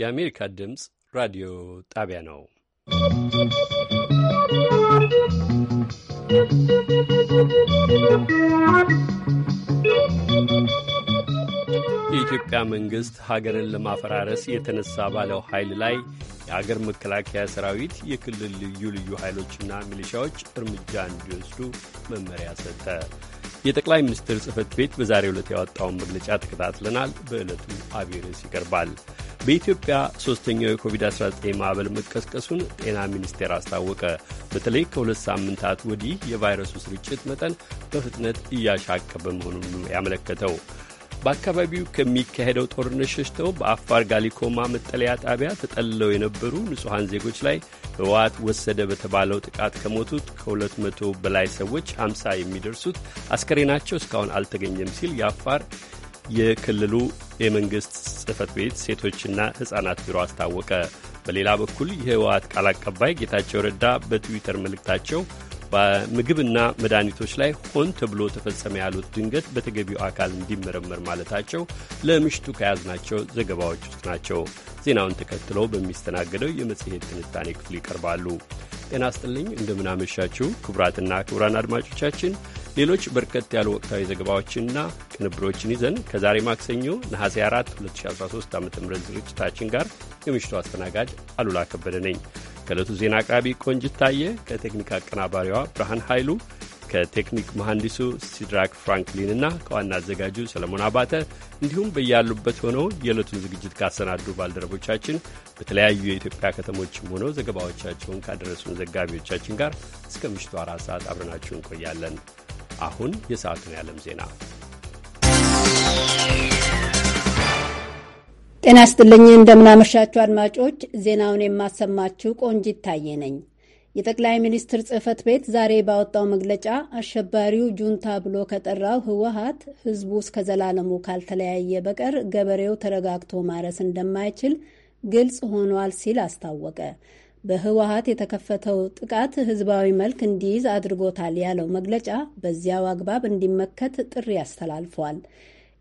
የአሜሪካ ድምፅ ራዲዮ ጣቢያ ነው። የኢትዮጵያ መንግሥት ሀገርን ለማፈራረስ የተነሳ ባለው ኃይል ላይ የሀገር መከላከያ ሰራዊት፣ የክልል ልዩ ልዩ ኃይሎችና ሚሊሻዎች እርምጃ እንዲወስዱ መመሪያ ሰጠ። የጠቅላይ ሚኒስትር ጽህፈት ቤት በዛሬ ዕለት ያወጣውን መግለጫ ተከታትለናል። በዕለቱ አብይ ርዕስ ይቀርባል። በኢትዮጵያ ሶስተኛው የኮቪድ-19 ማዕበል መቀስቀሱን ጤና ሚኒስቴር አስታወቀ። በተለይ ከሁለት ሳምንታት ወዲህ የቫይረሱ ስርጭት መጠን በፍጥነት እያሻቀበ መሆኑን ያመለከተው በአካባቢው ከሚካሄደው ጦርነት ሸሽተው በአፋር ጋሊኮማ መጠለያ ጣቢያ ተጠልለው የነበሩ ንጹሐን ዜጎች ላይ ህወሓት ወሰደ በተባለው ጥቃት ከሞቱት ከሁለት መቶ በላይ ሰዎች 50 የሚደርሱት አስከሬናቸው እስካሁን አልተገኘም ሲል የአፋር የክልሉ የመንግስት ጽህፈት ቤት ሴቶችና ህጻናት ቢሮ አስታወቀ። በሌላ በኩል የህወሓት ቃል አቀባይ ጌታቸው ረዳ በትዊተር መልእክታቸው በምግብና መድኃኒቶች ላይ ሆን ተብሎ ተፈጸመ ያሉት ድንገት በተገቢው አካል እንዲመረመር ማለታቸው ለምሽቱ ከያዝናቸው ዘገባዎች ውስጥ ናቸው። ዜናውን ተከትለው በሚስተናገደው የመጽሔት ትንታኔ ክፍል ይቀርባሉ። ጤና ስጥልኝ፣ እንደምናመሻችሁ ክቡራትና ክቡራን አድማጮቻችን ሌሎች በርከት ያሉ ወቅታዊ ዘገባዎችንና ቅንብሮችን ይዘን ከዛሬ ማክሰኞ ነሐሴ 4 2013 ዓ ም ዝግጅታችን ጋር የምሽቱ አስተናጋጅ አሉላ ከበደ ነኝ። ከእለቱ ዜና አቅራቢ ቆንጅት ታየ፣ ከቴክኒክ አቀናባሪዋ ብርሃን ኃይሉ፣ ከቴክኒክ መሐንዲሱ ሲድራክ ፍራንክሊን እና ከዋና አዘጋጁ ሰለሞን አባተ እንዲሁም በያሉበት ሆነው የዕለቱን ዝግጅት ካሰናዱ ባልደረቦቻችን በተለያዩ የኢትዮጵያ ከተሞችም ሆነው ዘገባዎቻቸውን ካደረሱን ዘጋቢዎቻችን ጋር እስከ ምሽቱ አራት ሰዓት አብረናችሁ እንቆያለን። አሁን የሰዓቱን የዓለም ዜና ጤና ይስጥልኝ። እንደምናመሻችሁ አድማጮች፣ ዜናውን የማሰማችሁ ቆንጂት ታዬ ነኝ። የጠቅላይ ሚኒስትር ጽህፈት ቤት ዛሬ ባወጣው መግለጫ አሸባሪው ጁንታ ብሎ ከጠራው ህወሀት ህዝቡ እስከ ዘላለሙ ካልተለያየ በቀር ገበሬው ተረጋግቶ ማረስ እንደማይችል ግልጽ ሆኗል ሲል አስታወቀ። በህወሀት የተከፈተው ጥቃት ህዝባዊ መልክ እንዲይዝ አድርጎታል ያለው መግለጫ በዚያው አግባብ እንዲመከት ጥሪ አስተላልፏል።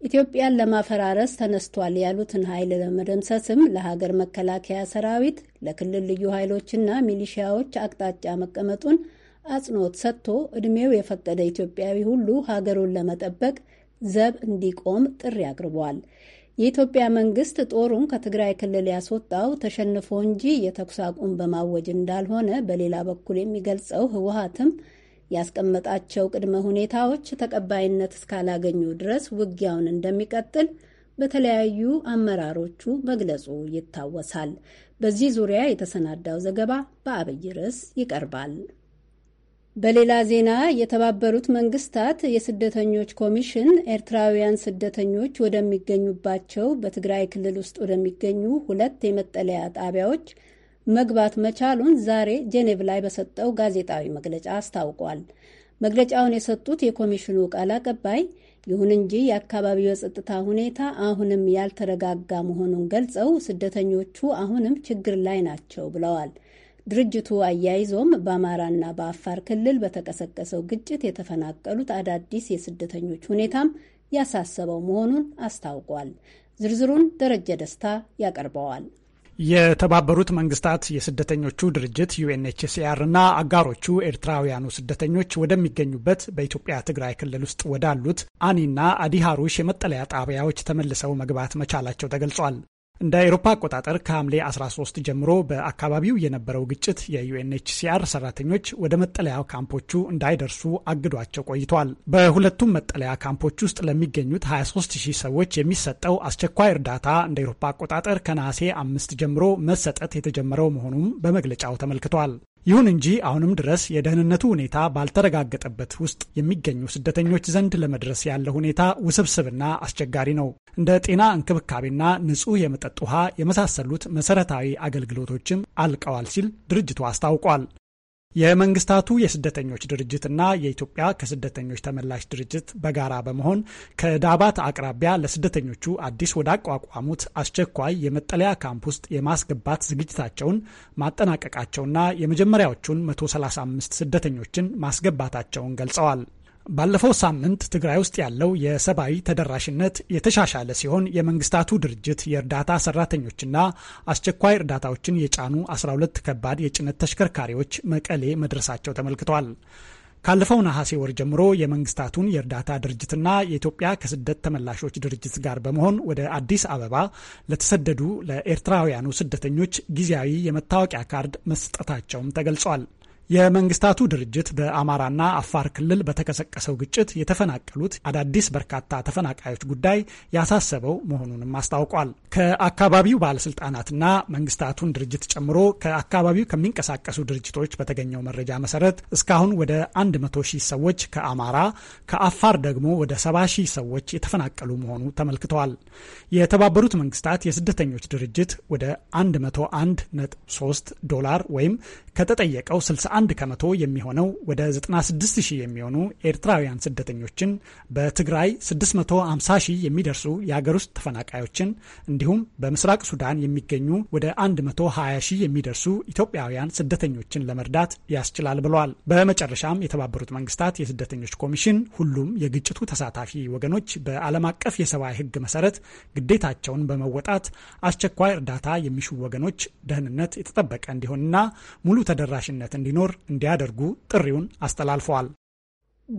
ኢትዮጵያን ለማፈራረስ ተነስቷል ያሉትን ኃይል ለመደምሰስም ለሀገር መከላከያ ሰራዊት፣ ለክልል ልዩ ኃይሎችና ሚሊሺያዎች አቅጣጫ መቀመጡን አጽንኦት ሰጥቶ ዕድሜው የፈቀደ ኢትዮጵያዊ ሁሉ ሀገሩን ለመጠበቅ ዘብ እንዲቆም ጥሪ አቅርቧል። የኢትዮጵያ መንግስት ጦሩን ከትግራይ ክልል ያስወጣው ተሸንፎ እንጂ የተኩስ አቁም በማወጅ እንዳልሆነ በሌላ በኩል የሚገልጸው ህወሀትም ያስቀመጣቸው ቅድመ ሁኔታዎች ተቀባይነት እስካላገኙ ድረስ ውጊያውን እንደሚቀጥል በተለያዩ አመራሮቹ መግለጹ ይታወሳል። በዚህ ዙሪያ የተሰናዳው ዘገባ በአብይ ርዕስ ይቀርባል። በሌላ ዜና የተባበሩት መንግስታት የስደተኞች ኮሚሽን ኤርትራውያን ስደተኞች ወደሚገኙባቸው በትግራይ ክልል ውስጥ ወደሚገኙ ሁለት የመጠለያ ጣቢያዎች መግባት መቻሉን ዛሬ ጄኔቭ ላይ በሰጠው ጋዜጣዊ መግለጫ አስታውቋል። መግለጫውን የሰጡት የኮሚሽኑ ቃል አቀባይ፣ ይሁን እንጂ የአካባቢው የጸጥታ ሁኔታ አሁንም ያልተረጋጋ መሆኑን ገልጸው ስደተኞቹ አሁንም ችግር ላይ ናቸው ብለዋል። ድርጅቱ አያይዞም በአማራና በአፋር ክልል በተቀሰቀሰው ግጭት የተፈናቀሉት አዳዲስ የስደተኞች ሁኔታም ያሳሰበው መሆኑን አስታውቋል። ዝርዝሩን ደረጀ ደስታ ያቀርበዋል። የተባበሩት መንግስታት የስደተኞቹ ድርጅት ዩኤንኤችሲአር እና አጋሮቹ ኤርትራውያኑ ስደተኞች ወደሚገኙበት በኢትዮጵያ ትግራይ ክልል ውስጥ ወዳሉት አኒና አዲሃሩሽ የመጠለያ ጣቢያዎች ተመልሰው መግባት መቻላቸው ተገልጿል። እንደ አውሮፓ አቆጣጠር ከሐምሌ 13 ጀምሮ በአካባቢው የነበረው ግጭት የዩኤንኤችሲአር ሰራተኞች ወደ መጠለያ ካምፖቹ እንዳይደርሱ አግዷቸው ቆይቷል። በሁለቱም መጠለያ ካምፖች ውስጥ ለሚገኙት 23000 ሰዎች የሚሰጠው አስቸኳይ እርዳታ እንደ አውሮፓ አቆጣጠር ከነሐሴ አምስት ጀምሮ መሰጠት የተጀመረው መሆኑም በመግለጫው ተመልክቷል። ይሁን እንጂ አሁንም ድረስ የደህንነቱ ሁኔታ ባልተረጋገጠበት ውስጥ የሚገኙ ስደተኞች ዘንድ ለመድረስ ያለ ሁኔታ ውስብስብና አስቸጋሪ ነው። እንደ ጤና እንክብካቤና ንጹህ የመጠጥ ውሃ የመሳሰሉት መሰረታዊ አገልግሎቶችም አልቀዋል ሲል ድርጅቱ አስታውቋል። የመንግስታቱ የስደተኞች ድርጅትና የኢትዮጵያ ከስደተኞች ተመላሽ ድርጅት በጋራ በመሆን ከዳባት አቅራቢያ ለስደተኞቹ አዲስ ወዳቋቋሙት አስቸኳይ የመጠለያ ካምፕ ውስጥ የማስገባት ዝግጅታቸውን ማጠናቀቃቸውና የመጀመሪያዎቹን 135 ስደተኞችን ማስገባታቸውን ገልጸዋል። ባለፈው ሳምንት ትግራይ ውስጥ ያለው የሰብአዊ ተደራሽነት የተሻሻለ ሲሆን የመንግስታቱ ድርጅት የእርዳታ ሰራተኞችና አስቸኳይ እርዳታዎችን የጫኑ 12 ከባድ የጭነት ተሽከርካሪዎች መቀሌ መድረሳቸው ተመልክቷል። ካለፈው ነሐሴ ወር ጀምሮ የመንግስታቱን የእርዳታ ድርጅትና የኢትዮጵያ ከስደት ተመላሾች ድርጅት ጋር በመሆን ወደ አዲስ አበባ ለተሰደዱ ለኤርትራውያኑ ስደተኞች ጊዜያዊ የመታወቂያ ካርድ መስጠታቸውም ተገልጿል። የመንግስታቱ ድርጅት በአማራና አፋር ክልል በተቀሰቀሰው ግጭት የተፈናቀሉት አዳዲስ በርካታ ተፈናቃዮች ጉዳይ ያሳሰበው መሆኑንም አስታውቋል። ከአካባቢው ባለስልጣናትና መንግስታቱን ድርጅት ጨምሮ ከአካባቢው ከሚንቀሳቀሱ ድርጅቶች በተገኘው መረጃ መሰረት እስካሁን ወደ 100 ሺህ ሰዎች ከአማራ ከአፋር ደግሞ ወደ 70 ሺህ ሰዎች የተፈናቀሉ መሆኑ ተመልክተዋል። የተባበሩት መንግስታት የስደተኞች ድርጅት ወደ 101.3 ዶላር ወይም ከተጠየቀው 61 ከመቶ የሚሆነው ወደ 96 ሺህ የሚሆኑ ኤርትራውያን ስደተኞችን በትግራይ 650 ሺህ የሚደርሱ የሀገር ውስጥ ተፈናቃዮችን እንዲሁም በምስራቅ ሱዳን የሚገኙ ወደ 120 ሺህ የሚደርሱ ኢትዮጵያውያን ስደተኞችን ለመርዳት ያስችላል ብለዋል። በመጨረሻም የተባበሩት መንግስታት የስደተኞች ኮሚሽን ሁሉም የግጭቱ ተሳታፊ ወገኖች በዓለም አቀፍ የሰብአዊ ሕግ መሰረት ግዴታቸውን በመወጣት አስቸኳይ እርዳታ የሚሹ ወገኖች ደህንነት የተጠበቀ እንዲሆንና ሙሉ ተደራሽነት እንዲኖር እንዲያደርጉ ጥሪውን አስተላልፈዋል።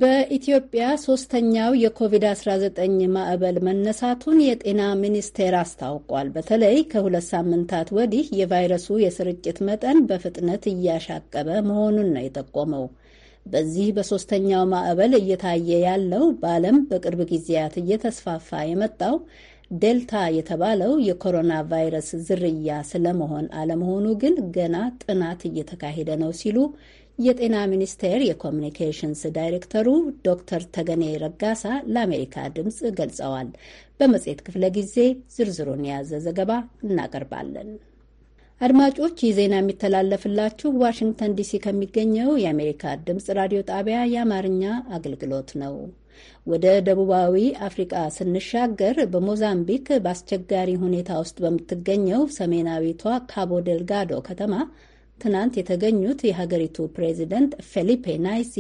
በኢትዮጵያ ሶስተኛው የኮቪድ-19 ማዕበል መነሳቱን የጤና ሚኒስቴር አስታውቋል። በተለይ ከሁለት ሳምንታት ወዲህ የቫይረሱ የስርጭት መጠን በፍጥነት እያሻቀበ መሆኑን ነው የጠቆመው። በዚህ በሶስተኛው ማዕበል እየታየ ያለው በዓለም በቅርብ ጊዜያት እየተስፋፋ የመጣው ዴልታ የተባለው የኮሮና ቫይረስ ዝርያ ስለመሆን አለመሆኑ ግን ገና ጥናት እየተካሄደ ነው ሲሉ የጤና ሚኒስቴር የኮሚኒኬሽንስ ዳይሬክተሩ ዶክተር ተገኔ ረጋሳ ለአሜሪካ ድምፅ ገልጸዋል። በመጽሔት ክፍለ ጊዜ ዝርዝሩን የያዘ ዘገባ እናቀርባለን። አድማጮች ይህ ዜና የሚተላለፍላችሁ ዋሽንግተን ዲሲ ከሚገኘው የአሜሪካ ድምፅ ራዲዮ ጣቢያ የአማርኛ አገልግሎት ነው። ወደ ደቡባዊ አፍሪቃ ስንሻገር በሞዛምቢክ በአስቸጋሪ ሁኔታ ውስጥ በምትገኘው ሰሜናዊቷ ካቦ ደልጋዶ ከተማ ትናንት የተገኙት የሀገሪቱ ፕሬዚደንት ፌሊፔ ናይሲ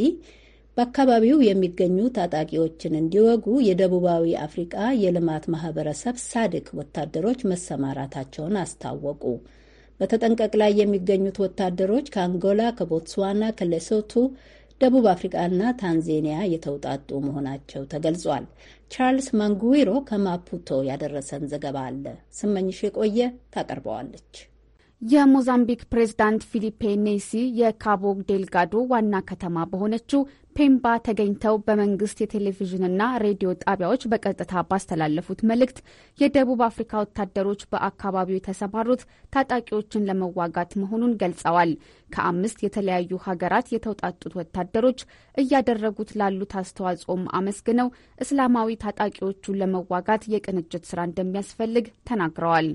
በአካባቢው የሚገኙ ታጣቂዎችን እንዲወጉ የደቡባዊ አፍሪቃ የልማት ማህበረሰብ ሳድክ ወታደሮች መሰማራታቸውን አስታወቁ። በተጠንቀቅ ላይ የሚገኙት ወታደሮች ከአንጎላ፣ ከቦትስዋና፣ ከሌሶቱ ደቡብ አፍሪቃና ታንዜኒያ የተውጣጡ መሆናቸው ተገልጿል። ቻርልስ ማንጉዊሮ ከማፑቶ ያደረሰን ዘገባ አለ። ስመኝሽ የቆየ ታቀርበዋለች። የሞዛምቢክ ፕሬዝዳንት ፊሊፔ ኔሲ የካቦ ዴልጋዶ ዋና ከተማ በሆነችው ፔምባ ተገኝተው በመንግስት የቴሌቪዥንና ሬዲዮ ጣቢያዎች በቀጥታ ባስተላለፉት መልእክት የደቡብ አፍሪካ ወታደሮች በአካባቢው የተሰማሩት ታጣቂዎችን ለመዋጋት መሆኑን ገልጸዋል። ከአምስት የተለያዩ ሀገራት የተውጣጡት ወታደሮች እያደረጉት ላሉት አስተዋጽኦም አመስግነው እስላማዊ ታጣቂዎቹን ለመዋጋት የቅንጅት ስራ እንደሚያስፈልግ ተናግረዋል።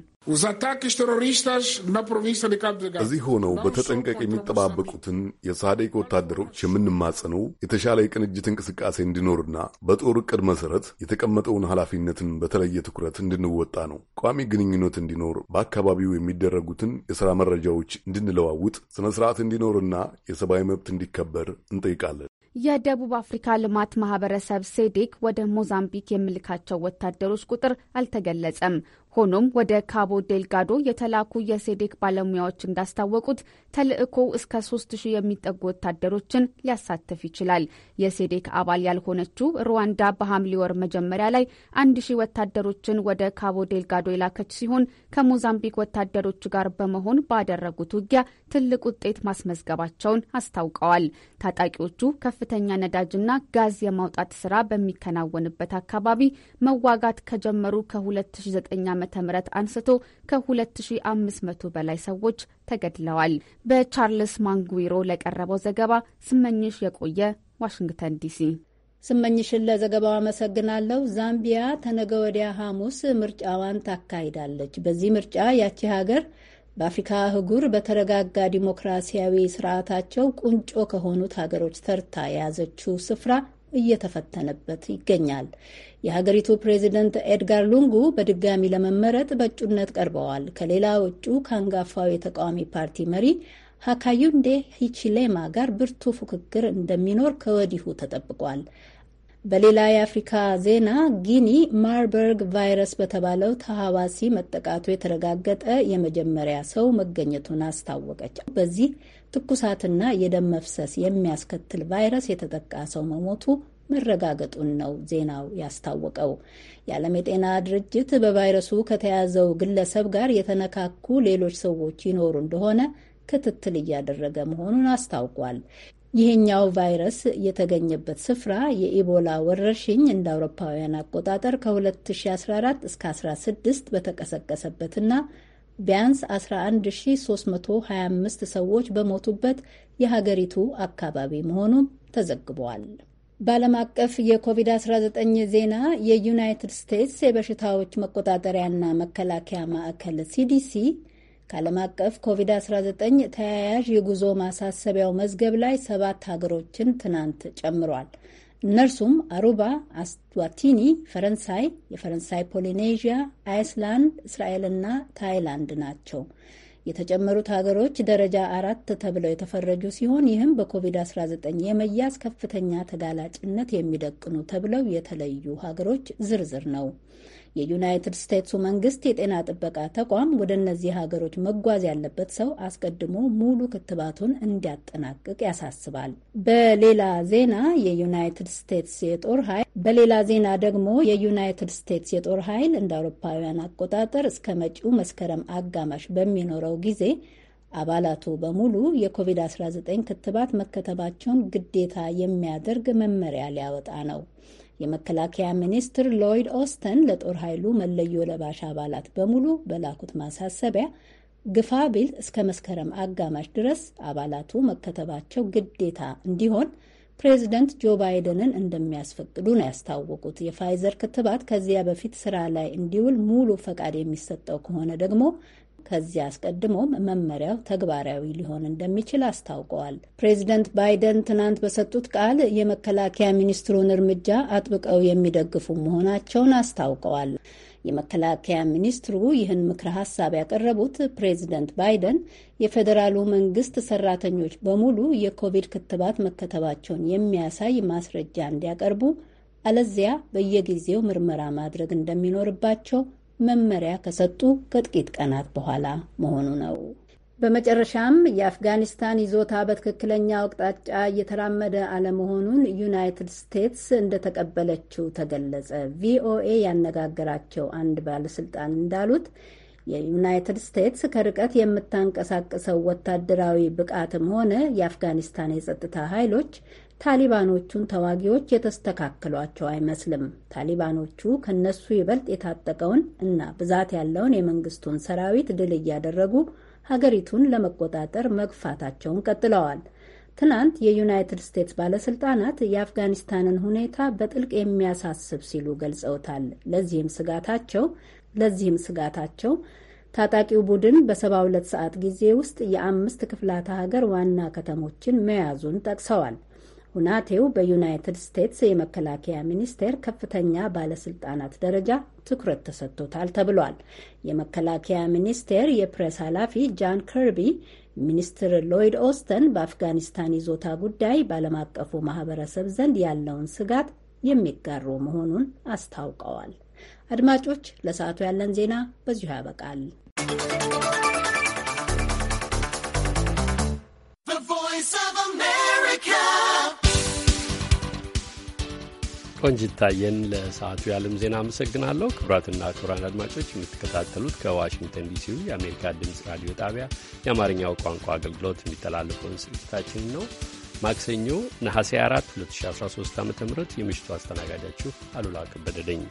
እዚህ ሆነው በተጠንቀቅ የሚጠባበቁትን የሳዴቅ ወታደሮች የምንማጽነው የተሻለ የቅንጅት እንቅስቃሴ እንዲኖርና በጦር ዕቅድ መሰረት የተቀመጠውን ኃላፊነትን በተለየ ትኩረት እንድንወጣ ነው። ቋሚ ግንኙነት እንዲኖር፣ በአካባቢው የሚደረጉትን የሥራ መረጃዎች እንድንለዋውጥ፣ ስነ ስርዓት እንዲኖርና የሰብአዊ መብት እንዲከበር እንጠይቃለን። የደቡብ አፍሪካ ልማት ማህበረሰብ ሴዴክ ወደ ሞዛምቢክ የሚልካቸው ወታደሮች ቁጥር አልተገለጸም። ሆኖም ወደ ካቦ ዴልጋዶ የተላኩ የሴዴክ ባለሙያዎች እንዳስታወቁት ተልዕኮው እስከ ሶስት ሺህ የሚጠጉ ወታደሮችን ሊያሳትፍ ይችላል። የሴዴክ አባል ያልሆነችው ሩዋንዳ በሐምሌ ወር መጀመሪያ ላይ አንድ ሺህ ወታደሮችን ወደ ካቦ ዴልጋዶ የላከች ሲሆን ከሞዛምቢክ ወታደሮች ጋር በመሆን ባደረጉት ውጊያ ትልቅ ውጤት ማስመዝገባቸውን አስታውቀዋል። ታጣቂዎቹ ከፍተኛ ነዳጅና ጋዝ የማውጣት ስራ በሚከናወንበት አካባቢ መዋጋት ከጀመሩ ከ2009 ዓ.ም አንስቶ ከ2500 በላይ ሰዎች ተገድለዋል። በቻርልስ ማንጉዊሮ ለቀረበው ዘገባ ስመኝሽ የቆየ ዋሽንግተን ዲሲ። ስመኝሽን ለዘገባው አመሰግናለሁ። ዛምቢያ ተነገ ወዲያ ሐሙስ ምርጫዋን ታካሂዳለች። በዚህ ምርጫ ያቺ ሀገር በአፍሪካ አህጉር በተረጋጋ ዲሞክራሲያዊ ስርዓታቸው ቁንጮ ከሆኑት ሀገሮች ተርታ የያዘችው ስፍራ እየተፈተነበት ይገኛል። የሀገሪቱ ፕሬዚደንት ኤድጋር ሉንጉ በድጋሚ ለመመረጥ በእጩነት ቀርበዋል። ከሌላ እጩ ከአንጋፋው የተቃዋሚ ፓርቲ መሪ ሀካዩንዴ ሂቺሌማ ጋር ብርቱ ፉክክር እንደሚኖር ከወዲሁ ተጠብቋል። በሌላ የአፍሪካ ዜና ጊኒ ማርበርግ ቫይረስ በተባለው ተሐዋሲ መጠቃቱ የተረጋገጠ የመጀመሪያ ሰው መገኘቱን አስታወቀች። በዚህ ትኩሳትና የደም መፍሰስ የሚያስከትል ቫይረስ የተጠቃ ሰው መሞቱ መረጋገጡን ነው ዜናው ያስታወቀው። የዓለም የጤና ድርጅት በቫይረሱ ከተያዘው ግለሰብ ጋር የተነካኩ ሌሎች ሰዎች ይኖሩ እንደሆነ ክትትል እያደረገ መሆኑን አስታውቋል። ይሄኛው ቫይረስ የተገኘበት ስፍራ የኢቦላ ወረርሽኝ እንደ አውሮፓውያን አቆጣጠር ከ2014 እስከ 16 በተቀሰቀሰበትና ቢያንስ 11325 ሰዎች በሞቱበት የሀገሪቱ አካባቢ መሆኑም ተዘግቧል። በዓለም አቀፍ የኮቪድ-19 ዜና የዩናይትድ ስቴትስ የበሽታዎች መቆጣጠሪያና መከላከያ ማዕከል ሲዲሲ ከዓለም አቀፍ ኮቪድ-19 ተያያዥ የጉዞ ማሳሰቢያው መዝገብ ላይ ሰባት ሀገሮችን ትናንት ጨምሯል። እነርሱም አሩባ፣ አስዋቲኒ፣ ፈረንሳይ፣ የፈረንሳይ ፖሊኔዥያ፣ አይስላንድ፣ እስራኤልና ታይላንድ ናቸው። የተጨመሩት ሀገሮች ደረጃ አራት ተብለው የተፈረጁ ሲሆን ይህም በኮቪድ-19 የመያዝ ከፍተኛ ተጋላጭነት የሚደቅኑ ተብለው የተለዩ ሀገሮች ዝርዝር ነው። የዩናይትድ ስቴትሱ መንግስት የጤና ጥበቃ ተቋም ወደ እነዚህ ሀገሮች መጓዝ ያለበት ሰው አስቀድሞ ሙሉ ክትባቱን እንዲያጠናቅቅ ያሳስባል። በሌላ ዜና የዩናይትድ ስቴትስ የጦር ኃይል በሌላ ዜና ደግሞ የዩናይትድ ስቴትስ የጦር ኃይል እንደ አውሮፓውያን አቆጣጠር እስከ መጪው መስከረም አጋማሽ በሚኖረው ጊዜ አባላቱ በሙሉ የኮቪድ-19 ክትባት መከተባቸውን ግዴታ የሚያደርግ መመሪያ ሊያወጣ ነው። የመከላከያ ሚኒስትር ሎይድ ኦስተን ለጦር ኃይሉ መለዮ ለባሽ አባላት በሙሉ በላኩት ማሳሰቢያ ግፋ ቢል እስከ መስከረም አጋማሽ ድረስ አባላቱ መከተባቸው ግዴታ እንዲሆን ፕሬዚደንት ጆ ባይደንን እንደሚያስፈቅዱ ነው ያስታወቁት። የፋይዘር ክትባት ከዚያ በፊት ስራ ላይ እንዲውል ሙሉ ፈቃድ የሚሰጠው ከሆነ ደግሞ ከዚያ አስቀድሞም መመሪያው ተግባራዊ ሊሆን እንደሚችል አስታውቀዋል። ፕሬዚደንት ባይደን ትናንት በሰጡት ቃል የመከላከያ ሚኒስትሩን እርምጃ አጥብቀው የሚደግፉ መሆናቸውን አስታውቀዋል። የመከላከያ ሚኒስትሩ ይህን ምክረ ሀሳብ ያቀረቡት ፕሬዚደንት ባይደን የፌዴራሉ መንግስት ሰራተኞች በሙሉ የኮቪድ ክትባት መከተባቸውን የሚያሳይ ማስረጃ እንዲያቀርቡ አለዚያ በየጊዜው ምርመራ ማድረግ እንደሚኖርባቸው መመሪያ ከሰጡ ከጥቂት ቀናት በኋላ መሆኑ ነው። በመጨረሻም የአፍጋኒስታን ይዞታ በትክክለኛ አቅጣጫ እየተራመደ አለመሆኑን ዩናይትድ ስቴትስ እንደተቀበለችው ተገለጸ። ቪኦኤ ያነጋገራቸው አንድ ባለስልጣን እንዳሉት የዩናይትድ ስቴትስ ከርቀት የምታንቀሳቅሰው ወታደራዊ ብቃትም ሆነ የአፍጋኒስታን የጸጥታ ኃይሎች ታሊባኖቹን ተዋጊዎች የተስተካከሏቸው አይመስልም። ታሊባኖቹ ከነሱ ይበልጥ የታጠቀውን እና ብዛት ያለውን የመንግስቱን ሰራዊት ድል እያደረጉ ሀገሪቱን ለመቆጣጠር መግፋታቸውን ቀጥለዋል። ትናንት የዩናይትድ ስቴትስ ባለስልጣናት የአፍጋኒስታንን ሁኔታ በጥልቅ የሚያሳስብ ሲሉ ገልጸውታል። ለዚህም ስጋታቸው ለዚህም ስጋታቸው ታጣቂው ቡድን በ72 ሰዓት ጊዜ ውስጥ የአምስት ክፍላተ ሀገር ዋና ከተሞችን መያዙን ጠቅሰዋል። ሁናቴው በዩናይትድ ስቴትስ የመከላከያ ሚኒስቴር ከፍተኛ ባለስልጣናት ደረጃ ትኩረት ተሰጥቶታል ተብሏል። የመከላከያ ሚኒስቴር የፕሬስ ኃላፊ ጃን ከርቢ ሚኒስትር ሎይድ ኦስተን በአፍጋኒስታን ይዞታ ጉዳይ በዓለም አቀፉ ማህበረሰብ ዘንድ ያለውን ስጋት የሚጋሩ መሆኑን አስታውቀዋል። አድማጮች፣ ለሰዓቱ ያለን ዜና በዚሁ ያበቃል። ቆንጅታየን ለሰዓቱ የዓለም ዜና አመሰግናለሁ። ክቡራትና ክቡራን አድማጮች የምትከታተሉት ከዋሽንግተን ዲሲው የአሜሪካ ድምፅ ራዲዮ ጣቢያ የአማርኛው ቋንቋ አገልግሎት የሚተላለፈውን ስርጭታችን ነው። ማክሰኞ ነሐሴ 4 2013 ዓ ም የምሽቱ አስተናጋጃችሁ አሉላ ከበደ ነኝ።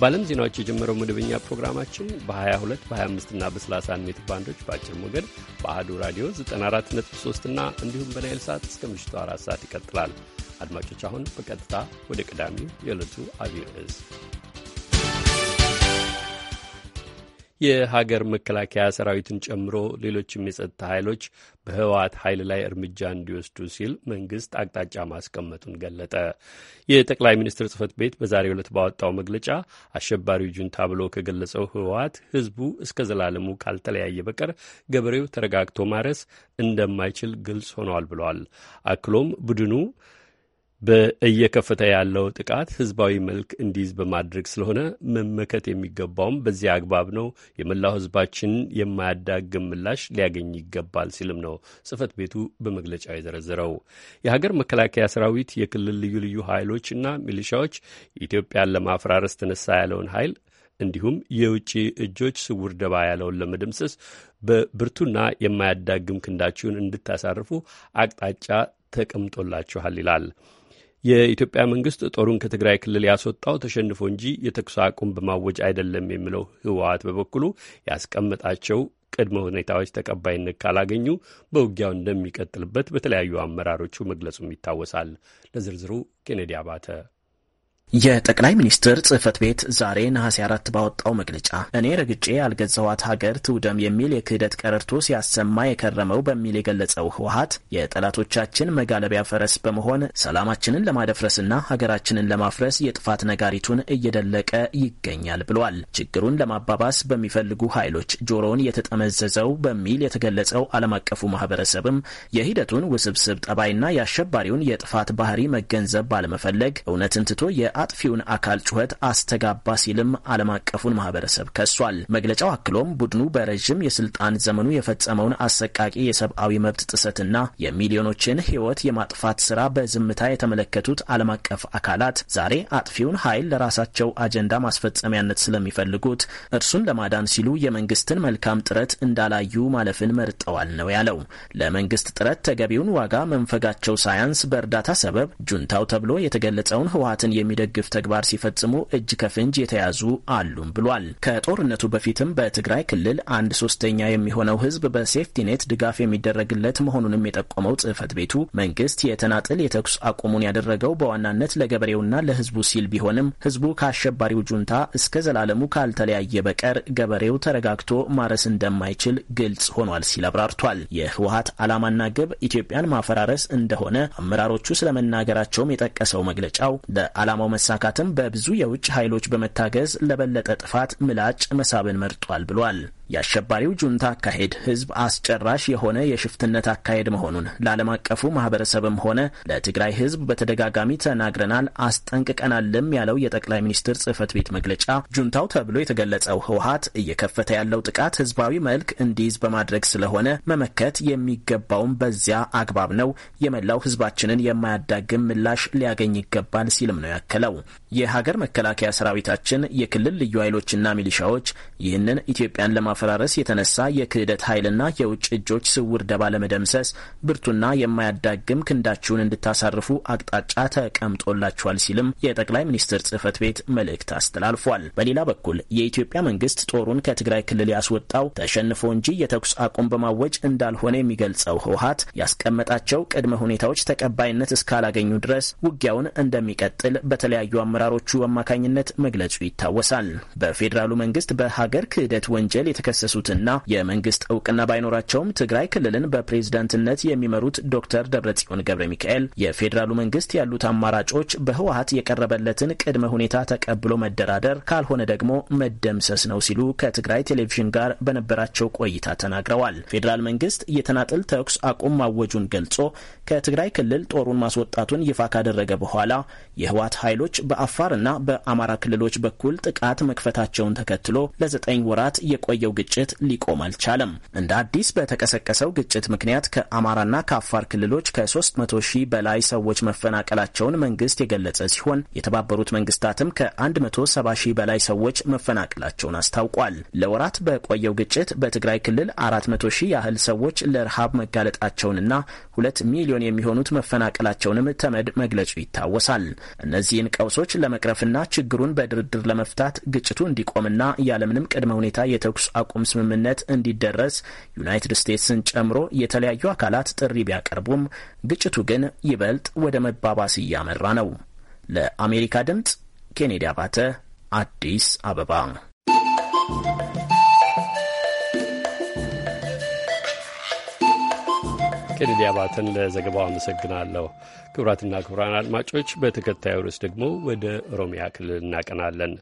በዓለም ዜናዎች የጀመረው መደበኛ ፕሮግራማችን በ22 በ25 እና በ31 ሜትር ባንዶች በአጭር ሞገድ በአህዱ ራዲዮ 943 እና እንዲሁም በናይል ሰዓት እስከ ምሽቱ 4 ሰዓት ይቀጥላል። አድማጮች፣ አሁን በቀጥታ ወደ ቀዳሚው የዕለቱ አብይ ርዕስ የሀገር መከላከያ ሰራዊትን ጨምሮ ሌሎችም የጸጥታ ኃይሎች በህወሓት ኃይል ላይ እርምጃ እንዲወስዱ ሲል መንግስት አቅጣጫ ማስቀመጡን ገለጠ። የጠቅላይ ሚኒስትር ጽህፈት ቤት በዛሬው ዕለት ባወጣው መግለጫ አሸባሪው ጁንታ ብሎ ከገለጸው ህወሓት ህዝቡ እስከ ዘላለሙ ካልተለያየ በቀር ገበሬው ተረጋግቶ ማረስ እንደማይችል ግልጽ ሆኗል ብሏል። አክሎም ቡድኑ በእየከፈተ ያለው ጥቃት ህዝባዊ መልክ እንዲይዝ በማድረግ ስለሆነ መመከት የሚገባውም በዚያ አግባብ ነው። የመላው ህዝባችንን የማያዳግም ምላሽ ሊያገኝ ይገባል ሲልም ነው ጽህፈት ቤቱ በመግለጫው የዘረዘረው። የሀገር መከላከያ ሰራዊት፣ የክልል ልዩ ልዩ ኃይሎች እና ሚሊሻዎች ኢትዮጵያን ለማፈራረስ ተነሳ ያለውን ኃይል እንዲሁም የውጭ እጆች ስውር ደባ ያለውን ለመደምሰስ በብርቱና የማያዳግም ክንዳችሁን እንድታሳርፉ አቅጣጫ ተቀምጦላችኋል ይላል። የኢትዮጵያ መንግስት ጦሩን ከትግራይ ክልል ያስወጣው ተሸንፎ እንጂ የተኩስ አቁም በማወጅ አይደለም የሚለው ህወሀት በበኩሉ ያስቀመጣቸው ቅድመ ሁኔታዎች ተቀባይነት ካላገኙ በውጊያው እንደሚቀጥልበት በተለያዩ አመራሮቹ መግለጹም ይታወሳል። ለዝርዝሩ ኬኔዲ አባተ የጠቅላይ ሚኒስትር ጽህፈት ቤት ዛሬ ነሐሴ አራት ባወጣው መግለጫ እኔ ረግጬ ያልገዛኋት ሀገር ትውደም የሚል የክህደት ቀረርቶ ሲያሰማ የከረመው በሚል የገለጸው ህወሀት የጠላቶቻችን መጋለቢያ ፈረስ በመሆን ሰላማችንን ለማደፍረስና ሀገራችንን ለማፍረስ የጥፋት ነጋሪቱን እየደለቀ ይገኛል ብሏል። ችግሩን ለማባባስ በሚፈልጉ ኃይሎች ጆሮውን የተጠመዘዘው በሚል የተገለጸው ዓለም አቀፉ ማህበረሰብም የሂደቱን ውስብስብ ጠባይና የአሸባሪውን የጥፋት ባህሪ መገንዘብ ባለመፈለግ እውነትን ትቶ የ የአጥፊውን አካል ጩኸት አስተጋባ ሲልም ዓለም አቀፉን ማህበረሰብ ከሷል። መግለጫው አክሎም ቡድኑ በረዥም የስልጣን ዘመኑ የፈጸመውን አሰቃቂ የሰብአዊ መብት ጥሰትና የሚሊዮኖችን ሕይወት የማጥፋት ስራ በዝምታ የተመለከቱት ዓለም አቀፍ አካላት ዛሬ አጥፊውን ኃይል ለራሳቸው አጀንዳ ማስፈጸሚያነት ስለሚፈልጉት እርሱን ለማዳን ሲሉ የመንግስትን መልካም ጥረት እንዳላዩ ማለፍን መርጠዋል ነው ያለው። ለመንግስት ጥረት ተገቢውን ዋጋ መንፈጋቸው ሳያንስ በእርዳታ ሰበብ ጁንታው ተብሎ የተገለጸውን ህወሀትን የሚደ የግፍ ተግባር ሲፈጽሙ እጅ ከፍንጅ የተያዙ አሉም ብሏል። ከጦርነቱ በፊትም በትግራይ ክልል አንድ ሶስተኛ የሚሆነው ሕዝብ በሴፍቲኔት ድጋፍ የሚደረግለት መሆኑንም የጠቆመው ጽህፈት ቤቱ መንግስት የተናጥል የተኩስ አቁሙን ያደረገው በዋናነት ለገበሬውና ለህዝቡ ሲል ቢሆንም ሕዝቡ ከአሸባሪው ጁንታ እስከ ዘላለሙ ካልተለያየ በቀር ገበሬው ተረጋግቶ ማረስ እንደማይችል ግልጽ ሆኗል ሲል አብራርቷል። የህወሀት ዓላማና ግብ ኢትዮጵያን ማፈራረስ እንደሆነ አመራሮቹ ስለመናገራቸውም የጠቀሰው መግለጫው ለዓላማው መሳካትም በብዙ የውጭ ኃይሎች በመታገዝ ለበለጠ ጥፋት ምላጭ መሳብን መርጧል ብሏል። የአሸባሪው ጁንታ አካሄድ ህዝብ አስጨራሽ የሆነ የሽፍትነት አካሄድ መሆኑን ለዓለም አቀፉ ማህበረሰብም ሆነ ለትግራይ ህዝብ በተደጋጋሚ ተናግረናል፣ አስጠንቅቀናልም ያለው የጠቅላይ ሚኒስትር ጽህፈት ቤት መግለጫ ጁንታው ተብሎ የተገለጸው ህወሀት እየከፈተ ያለው ጥቃት ህዝባዊ መልክ እንዲይዝ በማድረግ ስለሆነ መመከት የሚገባውም በዚያ አግባብ ነው። የመላው ህዝባችንን የማያዳግም ምላሽ ሊያገኝ ይገባል ሲልም ነው ያከለው። የሀገር መከላከያ ሰራዊታችን፣ የክልል ልዩ ኃይሎችና ሚሊሻዎች ይህንን ኢትዮጵያን ለማፈራረስ የተነሳ የክህደት ኃይልና የውጭ እጆች ስውር ደባ ለመደምሰስ ብርቱና የማያዳግም ክንዳችሁን እንድታሳርፉ አቅጣጫ ተቀምጦላችኋል ሲልም የጠቅላይ ሚኒስትር ጽህፈት ቤት መልእክት አስተላልፏል። በሌላ በኩል የኢትዮጵያ መንግስት ጦሩን ከትግራይ ክልል ያስወጣው ተሸንፎ እንጂ የተኩስ አቁም በማወጅ እንዳልሆነ የሚገልጸው ህወሀት ያስቀመጣቸው ቅድመ ሁኔታዎች ተቀባይነት እስካላገኙ ድረስ ውጊያውን እንደሚቀጥል በተለያዩ አመ በአመራሮቹ አማካኝነት መግለጹ ይታወሳል። በፌዴራሉ መንግስት በሀገር ክህደት ወንጀል የተከሰሱትና የመንግስት እውቅና ባይኖራቸውም ትግራይ ክልልን በፕሬዝዳንትነት የሚመሩት ዶክተር ደብረጽዮን ገብረ ሚካኤል የፌዴራሉ መንግስት ያሉት አማራጮች በህወሀት የቀረበለትን ቅድመ ሁኔታ ተቀብሎ መደራደር ካልሆነ ደግሞ መደምሰስ ነው ሲሉ ከትግራይ ቴሌቪዥን ጋር በነበራቸው ቆይታ ተናግረዋል። ፌዴራል መንግስት የተናጥል ተኩስ አቁም ማወጁን ገልጾ ከትግራይ ክልል ጦሩን ማስወጣቱን ይፋ ካደረገ በኋላ የህወሀት ኃይሎች በአ በአፋርና በአማራ ክልሎች በኩል ጥቃት መክፈታቸውን ተከትሎ ለዘጠኝ ወራት የቆየው ግጭት ሊቆም አልቻለም። እንደ አዲስ በተቀሰቀሰው ግጭት ምክንያት ከአማራና ከአፋር ክልሎች ከ300 ሺህ በላይ ሰዎች መፈናቀላቸውን መንግስት የገለጸ ሲሆን የተባበሩት መንግስታትም ከ170 ሺህ በላይ ሰዎች መፈናቀላቸውን አስታውቋል። ለወራት በቆየው ግጭት በትግራይ ክልል 400 ሺህ ያህል ሰዎች ለረሃብ መጋለጣቸውንና ሁለት ሚሊዮን የሚሆኑት መፈናቀላቸውንም ተመድ መግለጹ ይታወሳል። እነዚህን ቀውሶች ለመቅረፍና ችግሩን በድርድር ለመፍታት ግጭቱ እንዲቆምና ያለምንም ቅድመ ሁኔታ የተኩስ አቁም ስምምነት እንዲደረስ ዩናይትድ ስቴትስን ጨምሮ የተለያዩ አካላት ጥሪ ቢያቀርቡም ግጭቱ ግን ይበልጥ ወደ መባባስ እያመራ ነው። ለአሜሪካ ድምፅ ኬኔዲ አባተ አዲስ አበባ ኬኔዲ አባተን ለዘገባው አመሰግናለሁ። ክቡራትና ክቡራን አድማጮች በተከታዩ ርዕስ ደግሞ ወደ ኦሮሚያ ክልል እናቀናለን።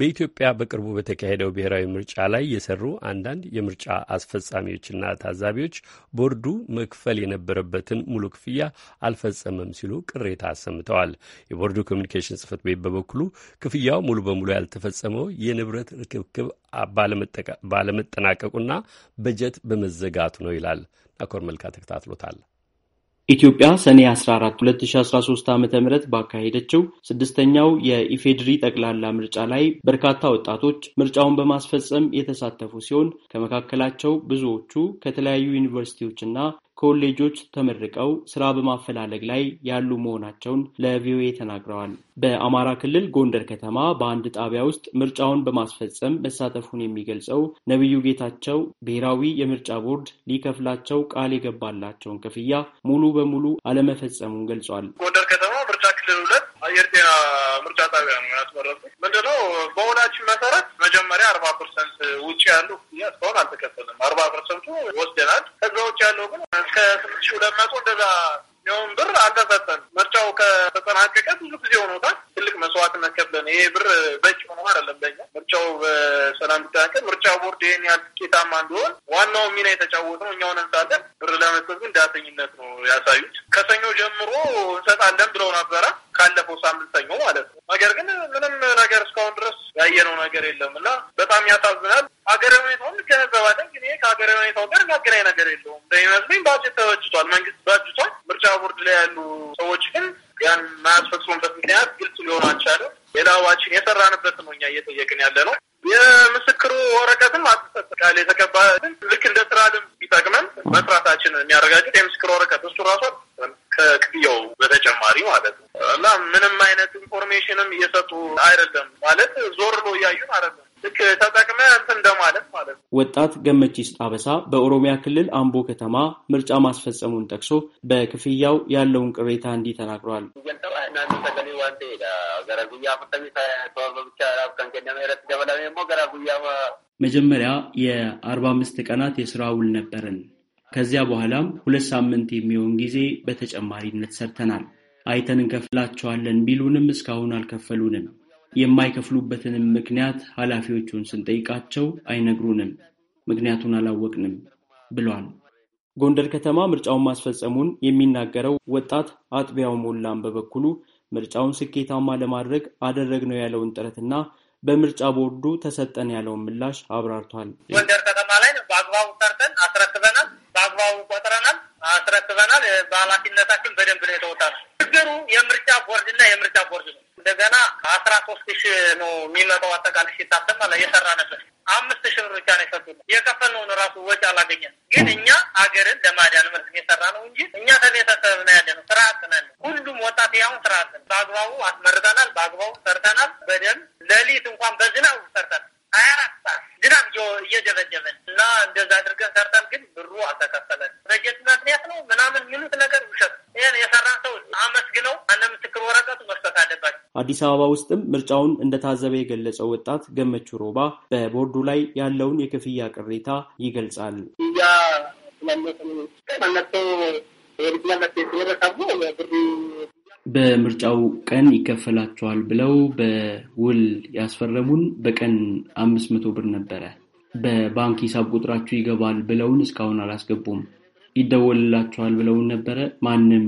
በኢትዮጵያ በቅርቡ በተካሄደው ብሔራዊ ምርጫ ላይ የሰሩ አንዳንድ የምርጫ አስፈጻሚዎችና ታዛቢዎች ቦርዱ መክፈል የነበረበትን ሙሉ ክፍያ አልፈጸመም ሲሉ ቅሬታ አሰምተዋል። የቦርዱ ኮሚኒኬሽን ጽፈት ቤት በበኩሉ ክፍያው ሙሉ በሙሉ ያልተፈጸመው የንብረት ርክብክብ ባለመጠናቀቁና በጀት በመዘጋቱ ነው ይላል። አኮር መልካ ተከታትሎታል። ኢትዮጵያ ሰኔ 14 2013 ዓ ም ባካሄደችው ስድስተኛው የኢፌድሪ ጠቅላላ ምርጫ ላይ በርካታ ወጣቶች ምርጫውን በማስፈጸም የተሳተፉ ሲሆን ከመካከላቸው ብዙዎቹ ከተለያዩ ዩኒቨርሲቲዎችና ኮሌጆች ተመርቀው ስራ በማፈላለግ ላይ ያሉ መሆናቸውን ለቪኦኤ ተናግረዋል። በአማራ ክልል ጎንደር ከተማ በአንድ ጣቢያ ውስጥ ምርጫውን በማስፈጸም መሳተፉን የሚገልጸው ነቢዩ ጌታቸው ብሔራዊ የምርጫ ቦርድ ሊከፍላቸው ቃል የገባላቸውን ክፍያ ሙሉ በሙሉ አለመፈጸሙን ገልጿል። ጎንደር ከተማ ምርጫ ክልል ሁለት አየር ምርጫ ጣቢያ ነው ያስመረጡ። ምንድነው በሁላችን መሰረት መጀመሪያ አርባ ፐርሰንት ውጭ ያሉ ክፍያ እስካሁን አልተከፈልም። አርባ ፐርሰንቱ ወስደናል። ከዛ ውጭ ያለው ግን እስከ ስምንት ሺ ሁለት መቶ እንደዛ ያውን ብር አልተሰጠን። ምርጫው ከተጠናቀቀ ብዙ ጊዜ ሆኖታል። ትልቅ መስዋዕት ከፍለን ይሄ ብር በቂ ሆኖ አይደለም ለኛ። ምርጫው በሰላም ቢጠናቀ ምርጫው ቦርድ ይህን ያህል ስኬታማ እንደሆን ዋናው ሚና የተጫወትነው እኛ ሆነን ሳለን ብር ለመስጠት ግን ዳተኝነት ነው ያሳዩት። ከሰኞ ጀምሮ እንሰጣለን ብለው ነበረ ካለፈው ሳምንት ሰኞ ማለት ነው። ነገር ግን ምንም ነገር እስካሁን ድረስ ያየነው ነገር የለም እና በጣም ያሳዝናል። ሀገራዊ ሁኔታውን እንገነዘባለን፣ ግን ይሄ ከሀገራዊ ሁኔታው ጋር የሚያገናኝ ነገር የለውም። እንደሚመስለኝ ባጀት ተበጅቷል፣ መንግስት ባጅቷል ምርጫ ቦርድ ላይ ያሉ ሰዎች ግን ያን ማያስፈጽሙበት ምክንያት ግልጽ ሊሆኑ አልቻለም። ዋችን የሰራንበት ነው እኛ እየጠየቅን ያለ ነው። የምስክሩ ወረቀትም አትሰጥ ቃል የተቀባትን ልክ እንደ ስራ ልምድ ቢጠቅመን መስራታችን የሚያረጋግጥ የምስክር ወረቀት እሱ ራሷ ከክፍያው በተጨማሪ ማለት ነው እና ምንም አይነት ኢንፎርሜሽንም እየሰጡ አይደለም ማለት ዞር ብሎ እያዩን አይደለም ተጠቅመ እንትን እንደማለት ማለት ነው። ወጣት ገመቺስ ጣበሳ በኦሮሚያ ክልል አምቦ ከተማ ምርጫ ማስፈጸሙን ጠቅሶ በክፍያው ያለውን ቅሬታ እንዲህ ተናግሯል። መጀመሪያ የአርባ አምስት ቀናት የስራ ውል ነበረን። ከዚያ በኋላም ሁለት ሳምንት የሚሆን ጊዜ በተጨማሪነት ሰርተናል። አይተን እንከፍላቸዋለን ቢሉንም እስካሁን አልከፈሉንም። የማይከፍሉበትንም ምክንያት ኃላፊዎቹን ስንጠይቃቸው አይነግሩንም፣ ምክንያቱን አላወቅንም ብሏል። ጎንደር ከተማ ምርጫውን ማስፈጸሙን የሚናገረው ወጣት አጥቢያው ሞላም በበኩሉ ምርጫውን ስኬታማ ለማድረግ አደረግነው ያለውን ጥረትና በምርጫ ቦርዱ ተሰጠን ያለውን ምላሽ አብራርቷል። ጎንደር ከተማ ላይ በአግባቡ ሰርተን አስረክበናል፣ በአግባቡ ቆጥረናል። አስረክበናል። በኃላፊነታችን በደንብ ነው የተወጣ ነው። ችግሩ የምርጫ ቦርድ እና የምርጫ ቦርድ ነው። እንደገና አስራ ሶስት ሺ ነው የሚመጣው አጠቃላይ ሲታሰብ ማለት የሰራ ነበር አምስት ሺ ብር ብቻ ነው የሰጡን። የከፈልነውን ራሱ ወጪ አላገኘንም። ግን እኛ አገርን ለማዳን መልስ የሰራ ነው እንጂ እኛ ከቤተሰብ ነው ያለ ነው። ስርአት ነን። ሁሉም ወጣት ያሁን ስርአት በአግባቡ አስመርተናል። በአግባቡ ሰርተናል። በደንብ ሌሊት እንኳን በዝናብ ሰርተናል። ሀያ አራት ሰዓት ዝናብ እየደበደበን እና እንደዛ አድርገን ሰርተን ግን ብሩ አልተከፈለን። በጀት ምክንያት ነው ምናምን የሚሉት ነገር ውሸት። ይህን የሰራን ሰው አመስግነው አንድ ምስክር ወረቀቱ መስጠት አለባቸው። አዲስ አበባ ውስጥም ምርጫውን እንደታዘበ የገለጸው ወጣት ገመቹ ሮባ በቦርዱ ላይ ያለውን የክፍያ ቅሬታ ይገልጻል። ያ መነቶ የልጅ መለስ ስለረሳቡ ብሩ በምርጫው ቀን ይከፈላቸዋል ብለው በውል ያስፈረሙን በቀን አምስት መቶ ብር ነበረ። በባንክ ሂሳብ ቁጥራችሁ ይገባል ብለውን እስካሁን አላስገቡም። ይደወልላችኋል ብለውን ነበረ። ማንም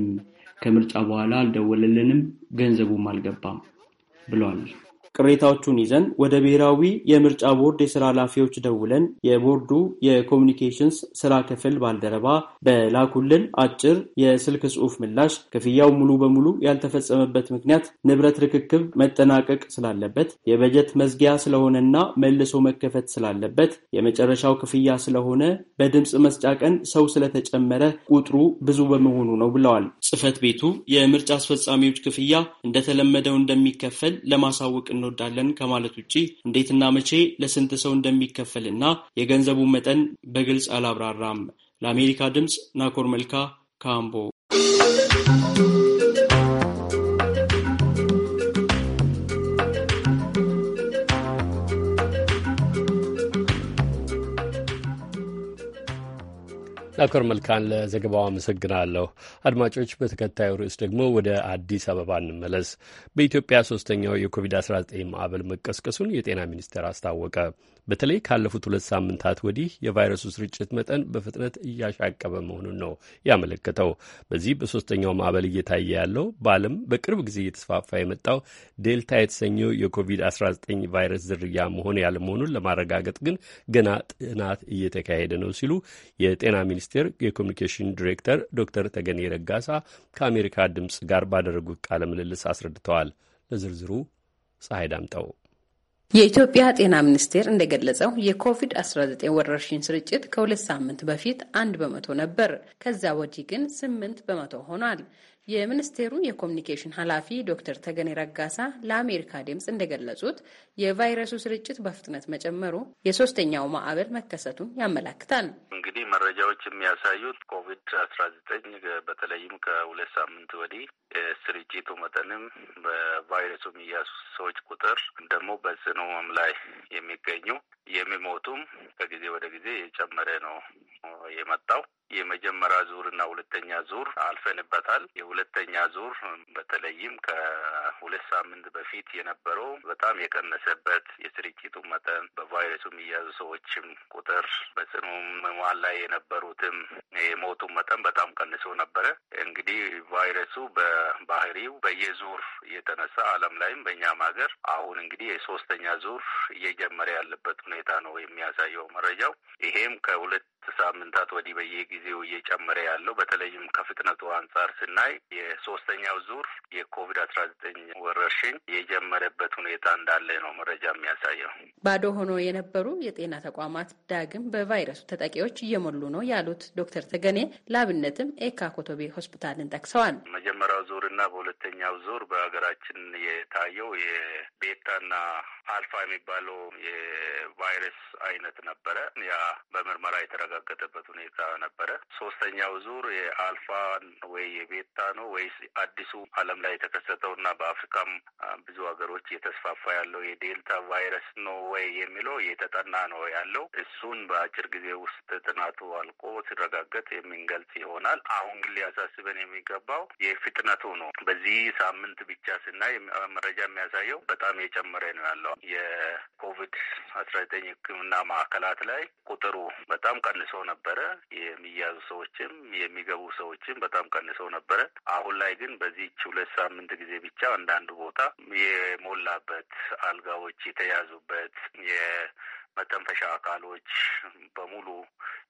ከምርጫ በኋላ አልደወለልንም፣ ገንዘቡም አልገባም ብለዋል። ቅሬታዎቹን ይዘን ወደ ብሔራዊ የምርጫ ቦርድ የስራ ኃላፊዎች ደውለን የቦርዱ የኮሚኒኬሽንስ ስራ ክፍል ባልደረባ በላኩልን አጭር የስልክ ጽሑፍ ምላሽ ክፍያው ሙሉ በሙሉ ያልተፈጸመበት ምክንያት ንብረት ርክክብ መጠናቀቅ ስላለበት፣ የበጀት መዝጊያ ስለሆነና መልሶ መከፈት ስላለበት፣ የመጨረሻው ክፍያ ስለሆነ፣ በድምፅ መስጫ ቀን ሰው ስለተጨመረ ቁጥሩ ብዙ በመሆኑ ነው ብለዋል። ጽህፈት ቤቱ የምርጫ አስፈጻሚዎች ክፍያ እንደተለመደው እንደሚከፈል ለማሳወቅ ነው እንወዳለን ከማለት ውጪ እንዴትና መቼ ለስንት ሰው እንደሚከፈልና የገንዘቡን መጠን በግልጽ አላብራራም። ለአሜሪካ ድምፅ ናኮር መልካ ካምቦ ዛኮር መልካን ለዘገባው አመሰግናለሁ። አድማጮች፣ በተከታዩ ርዕስ ደግሞ ወደ አዲስ አበባ እንመለስ። በኢትዮጵያ ሶስተኛው የኮቪድ-19 ማዕበል መቀስቀሱን የጤና ሚኒስቴር አስታወቀ። በተለይ ካለፉት ሁለት ሳምንታት ወዲህ የቫይረሱ ስርጭት መጠን በፍጥነት እያሻቀበ መሆኑን ነው ያመለከተው። በዚህ በሶስተኛው ማዕበል እየታየ ያለው በዓለም በቅርብ ጊዜ እየተስፋፋ የመጣው ዴልታ የተሰኘው የኮቪድ-19 ቫይረስ ዝርያ መሆን ያለመሆኑን ለማረጋገጥ ግን ገና ጥናት እየተካሄደ ነው ሲሉ የጤና ሚኒስቴር የኮሚኒኬሽን ዲሬክተር ዶክተር ተገኔ ረጋሳ ከአሜሪካ ድምፅ ጋር ባደረጉት ቃለ ምልልስ አስረድተዋል። ለዝርዝሩ ፀሐይ ዳምጠው የኢትዮጵያ ጤና ሚኒስቴር እንደገለጸው የኮቪድ-19 ወረርሽኝ ስርጭት ከሁለት ሳምንት በፊት አንድ በመቶ ነበር። ከዛ ወዲህ ግን ስምንት በመቶ ሆኗል። የሚኒስቴሩ የኮሚኒኬሽን ኃላፊ ዶክተር ተገኔ ረጋሳ ለአሜሪካ ድምፅ እንደገለጹት የቫይረሱ ስርጭት በፍጥነት መጨመሩ የሶስተኛው ማዕበል መከሰቱን ያመላክታል። እንግዲህ መረጃዎች የሚያሳዩት ኮቪድ አስራ ዘጠኝ በተለይም ከሁለት ሳምንት ወዲህ ስርጭቱ መጠንም በቫይረሱ የሚያሱ ሰዎች ቁጥር ደግሞ በጽኑም ላይ የሚገኙ የሚሞቱም ከጊዜ ወደ ጊዜ የጨመረ ነው የመጣው። የመጀመሪያ ዙር እና ሁለተኛ ዙር አልፈንበታል። ሁለተኛ ዙር በተለይም ከሁለት ሳምንት በፊት የነበረው በጣም የቀነሰበት የስርጭቱ መጠን በቫይረሱ የሚያዙ ሰዎችም ቁጥር በጽኑ ሕሙማን ላይ የነበሩትም የሞቱ መጠን በጣም ቀንሶ ነበረ። እንግዲህ ቫይረሱ በባህሪው በየዙር የተነሳ ዓለም ላይም በእኛም ሀገር አሁን እንግዲህ የሶስተኛ ዙር እየጀመረ ያለበት ሁኔታ ነው የሚያሳየው መረጃው። ይሄም ከሁለት ሳምንታት ወዲህ በየጊዜው እየጨመረ ያለው በተለይም ከፍጥነቱ አንጻር ስናይ የሶስተኛው ዙር የኮቪድ አስራ ዘጠኝ ወረርሽኝ የጀመረበት ሁኔታ እንዳለ ነው መረጃ የሚያሳየው። ባዶ ሆኖ የነበሩ የጤና ተቋማት ዳግም በቫይረሱ ተጠቂዎች እየሞሉ ነው ያሉት ዶክተር ተገኔ ላብነትም ኤካ ኮቶቤ ሆስፒታልን ጠቅሰዋል። መጀመሪያው ዙር እና በሁለተኛው ዙር በሀገራችን የታየው የቤታና አልፋ የሚባለው የቫይረስ አይነት ነበረ። ያ በምርመራ የተረጋገጠበት ሁኔታ ነበረ። ሶስተኛው ዙር የአልፋ ወይ የቤታ ነው ወይስ አዲሱ ዓለም ላይ የተከሰተው እና በአፍሪካም ብዙ ሀገሮች እየተስፋፋ ያለው የዴልታ ቫይረስ ነው ወይ የሚለው እየተጠና ነው ያለው። እሱን በአጭር ጊዜ ውስጥ ጥናቱ አልቆ ሲረጋገጥ የሚንገልጽ ይሆናል። አሁን ግን ሊያሳስበን የሚገባው የፍጥነቱ ነው። በዚህ ሳምንት ብቻ ስናይ መረጃ የሚያሳየው በጣም የጨመረ ነው ያለው የኮቪድ አስራ ዘጠኝ ሕክምና ማዕከላት ላይ ቁጥሩ በጣም ቀንሶ ነበረ። የሚያዙ ሰዎችም የሚገቡ ሰዎችም በጣም ቀንሶ ነበረ። አሁን ላይ ግን በዚህች ሁለት ሳምንት ጊዜ ብቻ አንዳንድ ቦታ የሞላበት አልጋዎች የተያዙበት መተንፈሻ አካሎች በሙሉ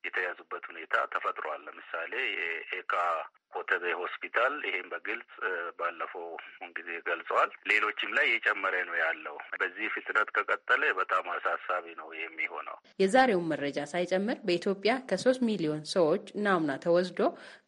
የተያዙበት ሁኔታ ተፈጥሯል። ለምሳሌ የኤካ ኮተቤ ሆስፒታል ይህም በግልጽ ባለፈው ጊዜ ገልጸዋል። ሌሎችም ላይ የጨመረ ነው ያለው። በዚህ ፍጥነት ከቀጠለ በጣም አሳሳቢ ነው የሚሆነው። የዛሬውን መረጃ ሳይጨምር በኢትዮጵያ ከሶስት ሚሊዮን ሰዎች ናሙና ተወስዶ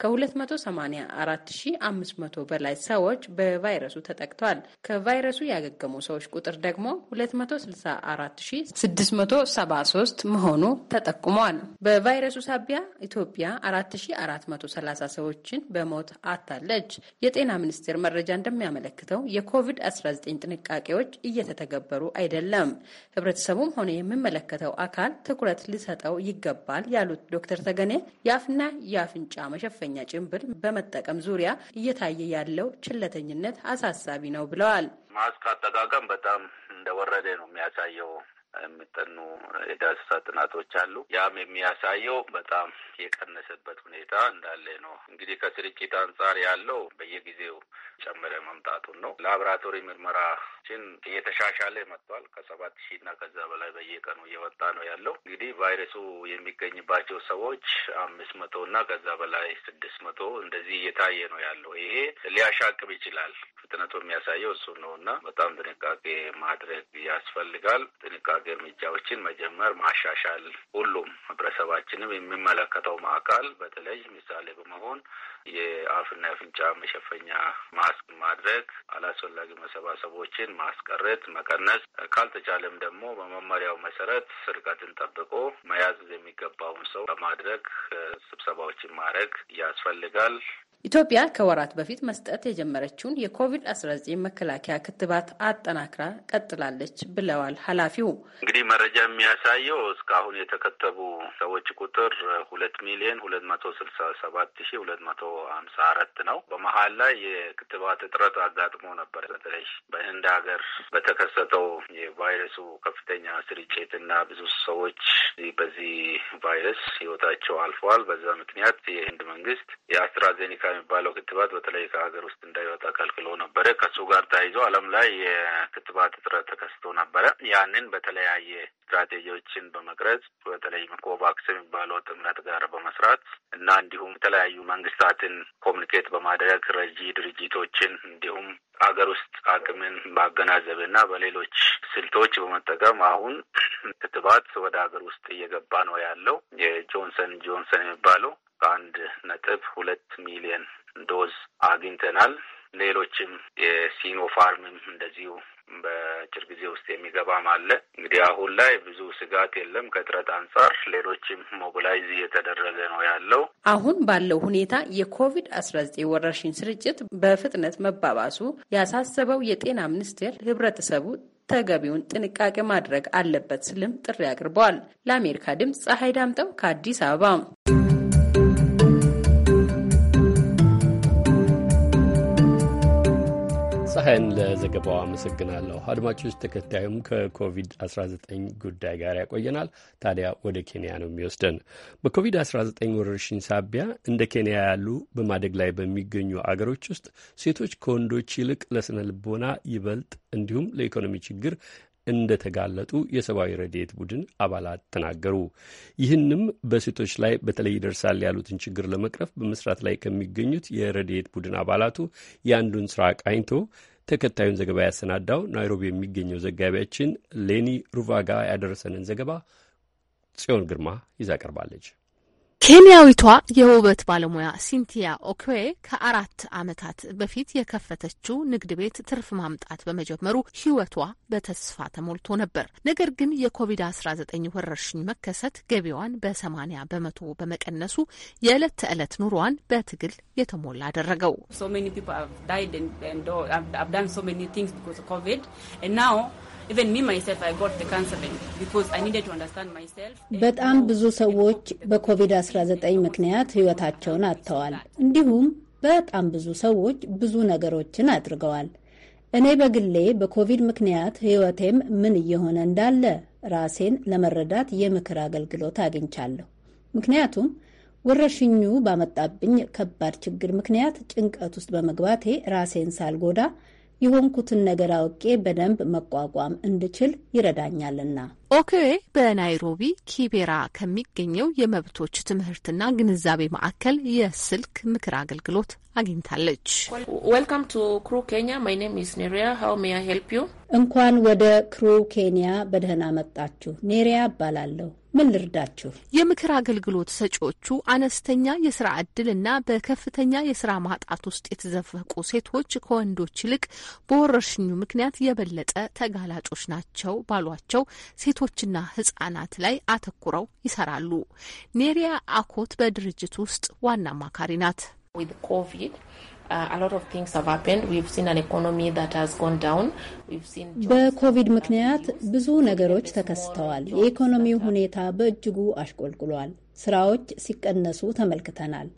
ከሁለት መቶ ሰማኒያ አራት ሺ አምስት መቶ በላይ ሰዎች በቫይረሱ ተጠቅተዋል። ከቫይረሱ ያገገሙ ሰዎች ቁጥር ደግሞ ሁለት መቶ ስልሳ አራት ሺ ስድስት መቶ 73 መሆኑ ተጠቁሟል። በቫይረሱ ሳቢያ ኢትዮጵያ 4430 ሰዎችን በሞት አታለች። የጤና ሚኒስቴር መረጃ እንደሚያመለክተው የኮቪድ-19 ጥንቃቄዎች እየተተገበሩ አይደለም። ህብረተሰቡም ሆነ የሚመለከተው አካል ትኩረት ሊሰጠው ይገባል ያሉት ዶክተር ተገኔ የአፍና የአፍንጫ መሸፈኛ ጭንብል በመጠቀም ዙሪያ እየታየ ያለው ችለተኝነት አሳሳቢ ነው ብለዋል። ማስክ አጠቃቀም በጣም እንደወረደ ነው የሚያሳየው። የሚጠኑ የዳሰሳ ጥናቶች አሉ። ያም የሚያሳየው በጣም የቀነሰበት ሁኔታ እንዳለ ነው። እንግዲህ ከስርጭት አንጻር ያለው በየጊዜው ጨመረ መምጣቱን ነው። ላብራቶሪ ምርመራ ችን እየተሻሻለ መጥቷል። ከሰባት ሺህ እና ከዛ በላይ በየቀኑ እየወጣ ነው ያለው። እንግዲህ ቫይረሱ የሚገኝባቸው ሰዎች አምስት መቶ እና ከዛ በላይ ስድስት መቶ እንደዚህ እየታየ ነው ያለው። ይሄ ሊያሻቅብ ይችላል። ፍጥነቱ የሚያሳየው እሱ ነው እና በጣም ጥንቃቄ ማድረግ ያስፈልጋል። ጥንቃቄ እርምጃዎችን መጀመር ማሻሻል፣ ሁሉም ህብረተሰባችንም የሚመለከተው አካል በተለይ ምሳሌ በመሆን የአፍና የአፍንጫ መሸፈኛ ማስክ ማድረግ፣ አላስፈላጊ መሰባሰቦችን ርቀትን ማስቀረት፣ መቀነስ ካልተቻለም ደግሞ በመመሪያው መሰረት ርቀትን ጠብቆ መያዝ የሚገባውን ሰው በማድረግ ስብሰባዎችን ማድረግ ያስፈልጋል። ኢትዮጵያ ከወራት በፊት መስጠት የጀመረችውን የኮቪድ-19 መከላከያ ክትባት አጠናክራ ቀጥላለች ብለዋል ኃላፊው። እንግዲህ መረጃ የሚያሳየው እስካሁን የተከተቡ ሰዎች ቁጥር ሁለት ሚሊዮን ሁለት መቶ ስልሳ ሰባት ሺ ሁለት መቶ ሀምሳ አራት ነው። በመሀል ላይ የክትባት እጥረት አጋጥሞ ነበር። በተለይ በህንድ ሀገር በተከሰተው የቫይረሱ ከፍተኛ ስርጭት እና ብዙ ሰዎች በዚህ ቫይረስ ህይወታቸው አልፈዋል። በዛ ምክንያት የህንድ መንግስት የአስትራዜኒካ የሚባለው ክትባት በተለይ ከሀገር ውስጥ እንዳይወጣ ከልክሎ ነበረ። ከሱ ጋር ተያይዞ ዓለም ላይ የክትባት እጥረት ተከስቶ ነበረ። ያንን በተለያየ ስትራቴጂዎችን በመቅረጽ በተለይ ኮቫክስ የሚባለው ጥምረት ጋር በመስራት እና እንዲሁም የተለያዩ መንግስታትን ኮሚኒኬት በማድረግ ረጂ ድርጅቶችን እንዲሁም ሀገር ውስጥ አቅምን ማገናዘብ እና በሌሎች ስልቶች በመጠቀም አሁን ክትባት ወደ ሀገር ውስጥ እየገባ ነው ያለው። የጆንሰን ጆንሰን የሚባለው በአንድ ነጥብ ሁለት ሚሊየን ዶዝ አግኝተናል። ሌሎችም የሲኖፋርምም እንደዚሁ በአጭር ጊዜ ውስጥ የሚገባም አለ። እንግዲህ አሁን ላይ ብዙ ስጋት የለም። ከጥረት አንጻር ሌሎችም ሞቢላይዝ እየተደረገ ነው ያለው። አሁን ባለው ሁኔታ የኮቪድ አስራ ዘጠኝ ወረርሽኝ ስርጭት በፍጥነት መባባሱ ያሳሰበው የጤና ሚኒስቴር ህብረተሰቡ ተገቢውን ጥንቃቄ ማድረግ አለበት ስልም ጥሪ አቅርበዋል። ለአሜሪካ ድምፅ ፀሐይ ዳምጠው ከአዲስ አበባ ፀሐይን ለዘገባው አመሰግናለሁ። አድማጮች፣ ተከታዩም ከኮቪድ-19 ጉዳይ ጋር ያቆየናል። ታዲያ ወደ ኬንያ ነው የሚወስደን። በኮቪድ-19 ወረርሽኝ ሳቢያ እንደ ኬንያ ያሉ በማደግ ላይ በሚገኙ አገሮች ውስጥ ሴቶች ከወንዶች ይልቅ ለስነ ልቦና ይበልጥ እንዲሁም ለኢኮኖሚ ችግር እንደተጋለጡ የሰብአዊ ረድኤት ቡድን አባላት ተናገሩ። ይህንም በሴቶች ላይ በተለይ ይደርሳል ያሉትን ችግር ለመቅረፍ በመስራት ላይ ከሚገኙት የረድኤት ቡድን አባላቱ የአንዱን ስራ ቃኝቶ ተከታዩን ዘገባ ያሰናዳው ናይሮቢ የሚገኘው ዘጋቢያችን ሌኒ ሩቫጋ ያደረሰንን ዘገባ ጽዮን ግርማ ይዛ ቀርባለች። ኬንያዊቷ የውበት ባለሙያ ሲንቲያ ኦክዌ ከአራት ዓመታት በፊት የከፈተችው ንግድ ቤት ትርፍ ማምጣት በመጀመሩ ሕይወቷ በተስፋ ተሞልቶ ነበር። ነገር ግን የኮቪድ-19 ወረርሽኝ መከሰት ገቢዋን በሰማኒያ በመቶ በመቀነሱ የዕለት ተዕለት ኑሯዋን በትግል የተሞላ አደረገው። በጣም ብዙ ሰዎች በኮቪድ-19 ምክንያት ሕይወታቸውን አጥተዋል። እንዲሁም በጣም ብዙ ሰዎች ብዙ ነገሮችን አድርገዋል። እኔ በግሌ በኮቪድ ምክንያት ሕይወቴም ምን እየሆነ እንዳለ ራሴን ለመረዳት የምክር አገልግሎት አግኝቻለሁ። ምክንያቱም ወረርሽኙ ባመጣብኝ ከባድ ችግር ምክንያት ጭንቀት ውስጥ በመግባቴ ራሴን ሳልጎዳ የሆንኩትን ነገር አውቄ በደንብ መቋቋም እንድችል ይረዳኛልና። ኦኬ በናይሮቢ ኪቤራ ከሚገኘው የመብቶች ትምህርትና ግንዛቤ ማዕከል የስልክ ምክር አገልግሎት አግኝታለች። ዌልካም ቱ ክሩ ኬንያ ማይ ኔም ኢዝ ኔሪያ ሃው ሜይ አይ ሄልፕ ዩ። እንኳን ወደ ክሩ ኬንያ በደህና መጣችሁ። ኔሪያ እባላለሁ ምን ልርዳችሁ? የምክር አገልግሎት ሰጪዎቹ አነስተኛ የስራ እድል እና በከፍተኛ የስራ ማጣት ውስጥ የተዘፈቁ ሴቶች ከወንዶች ይልቅ በወረርሽኙ ምክንያት የበለጠ ተጋላጮች ናቸው ባሏቸው ሴቶችና ህጻናት ላይ አተኩረው ይሰራሉ። ኔሪያ አኮት በድርጅት ውስጥ ዋና አማካሪ ናት። Uh, በኮቪድ ምክንያት ብዙ ነገሮች ተከስተዋል። የኢኮኖሚው ሁኔታ በእጅጉ አሽቆልቁሏል። ስራዎች ሲቀነሱ ተመልክተናል።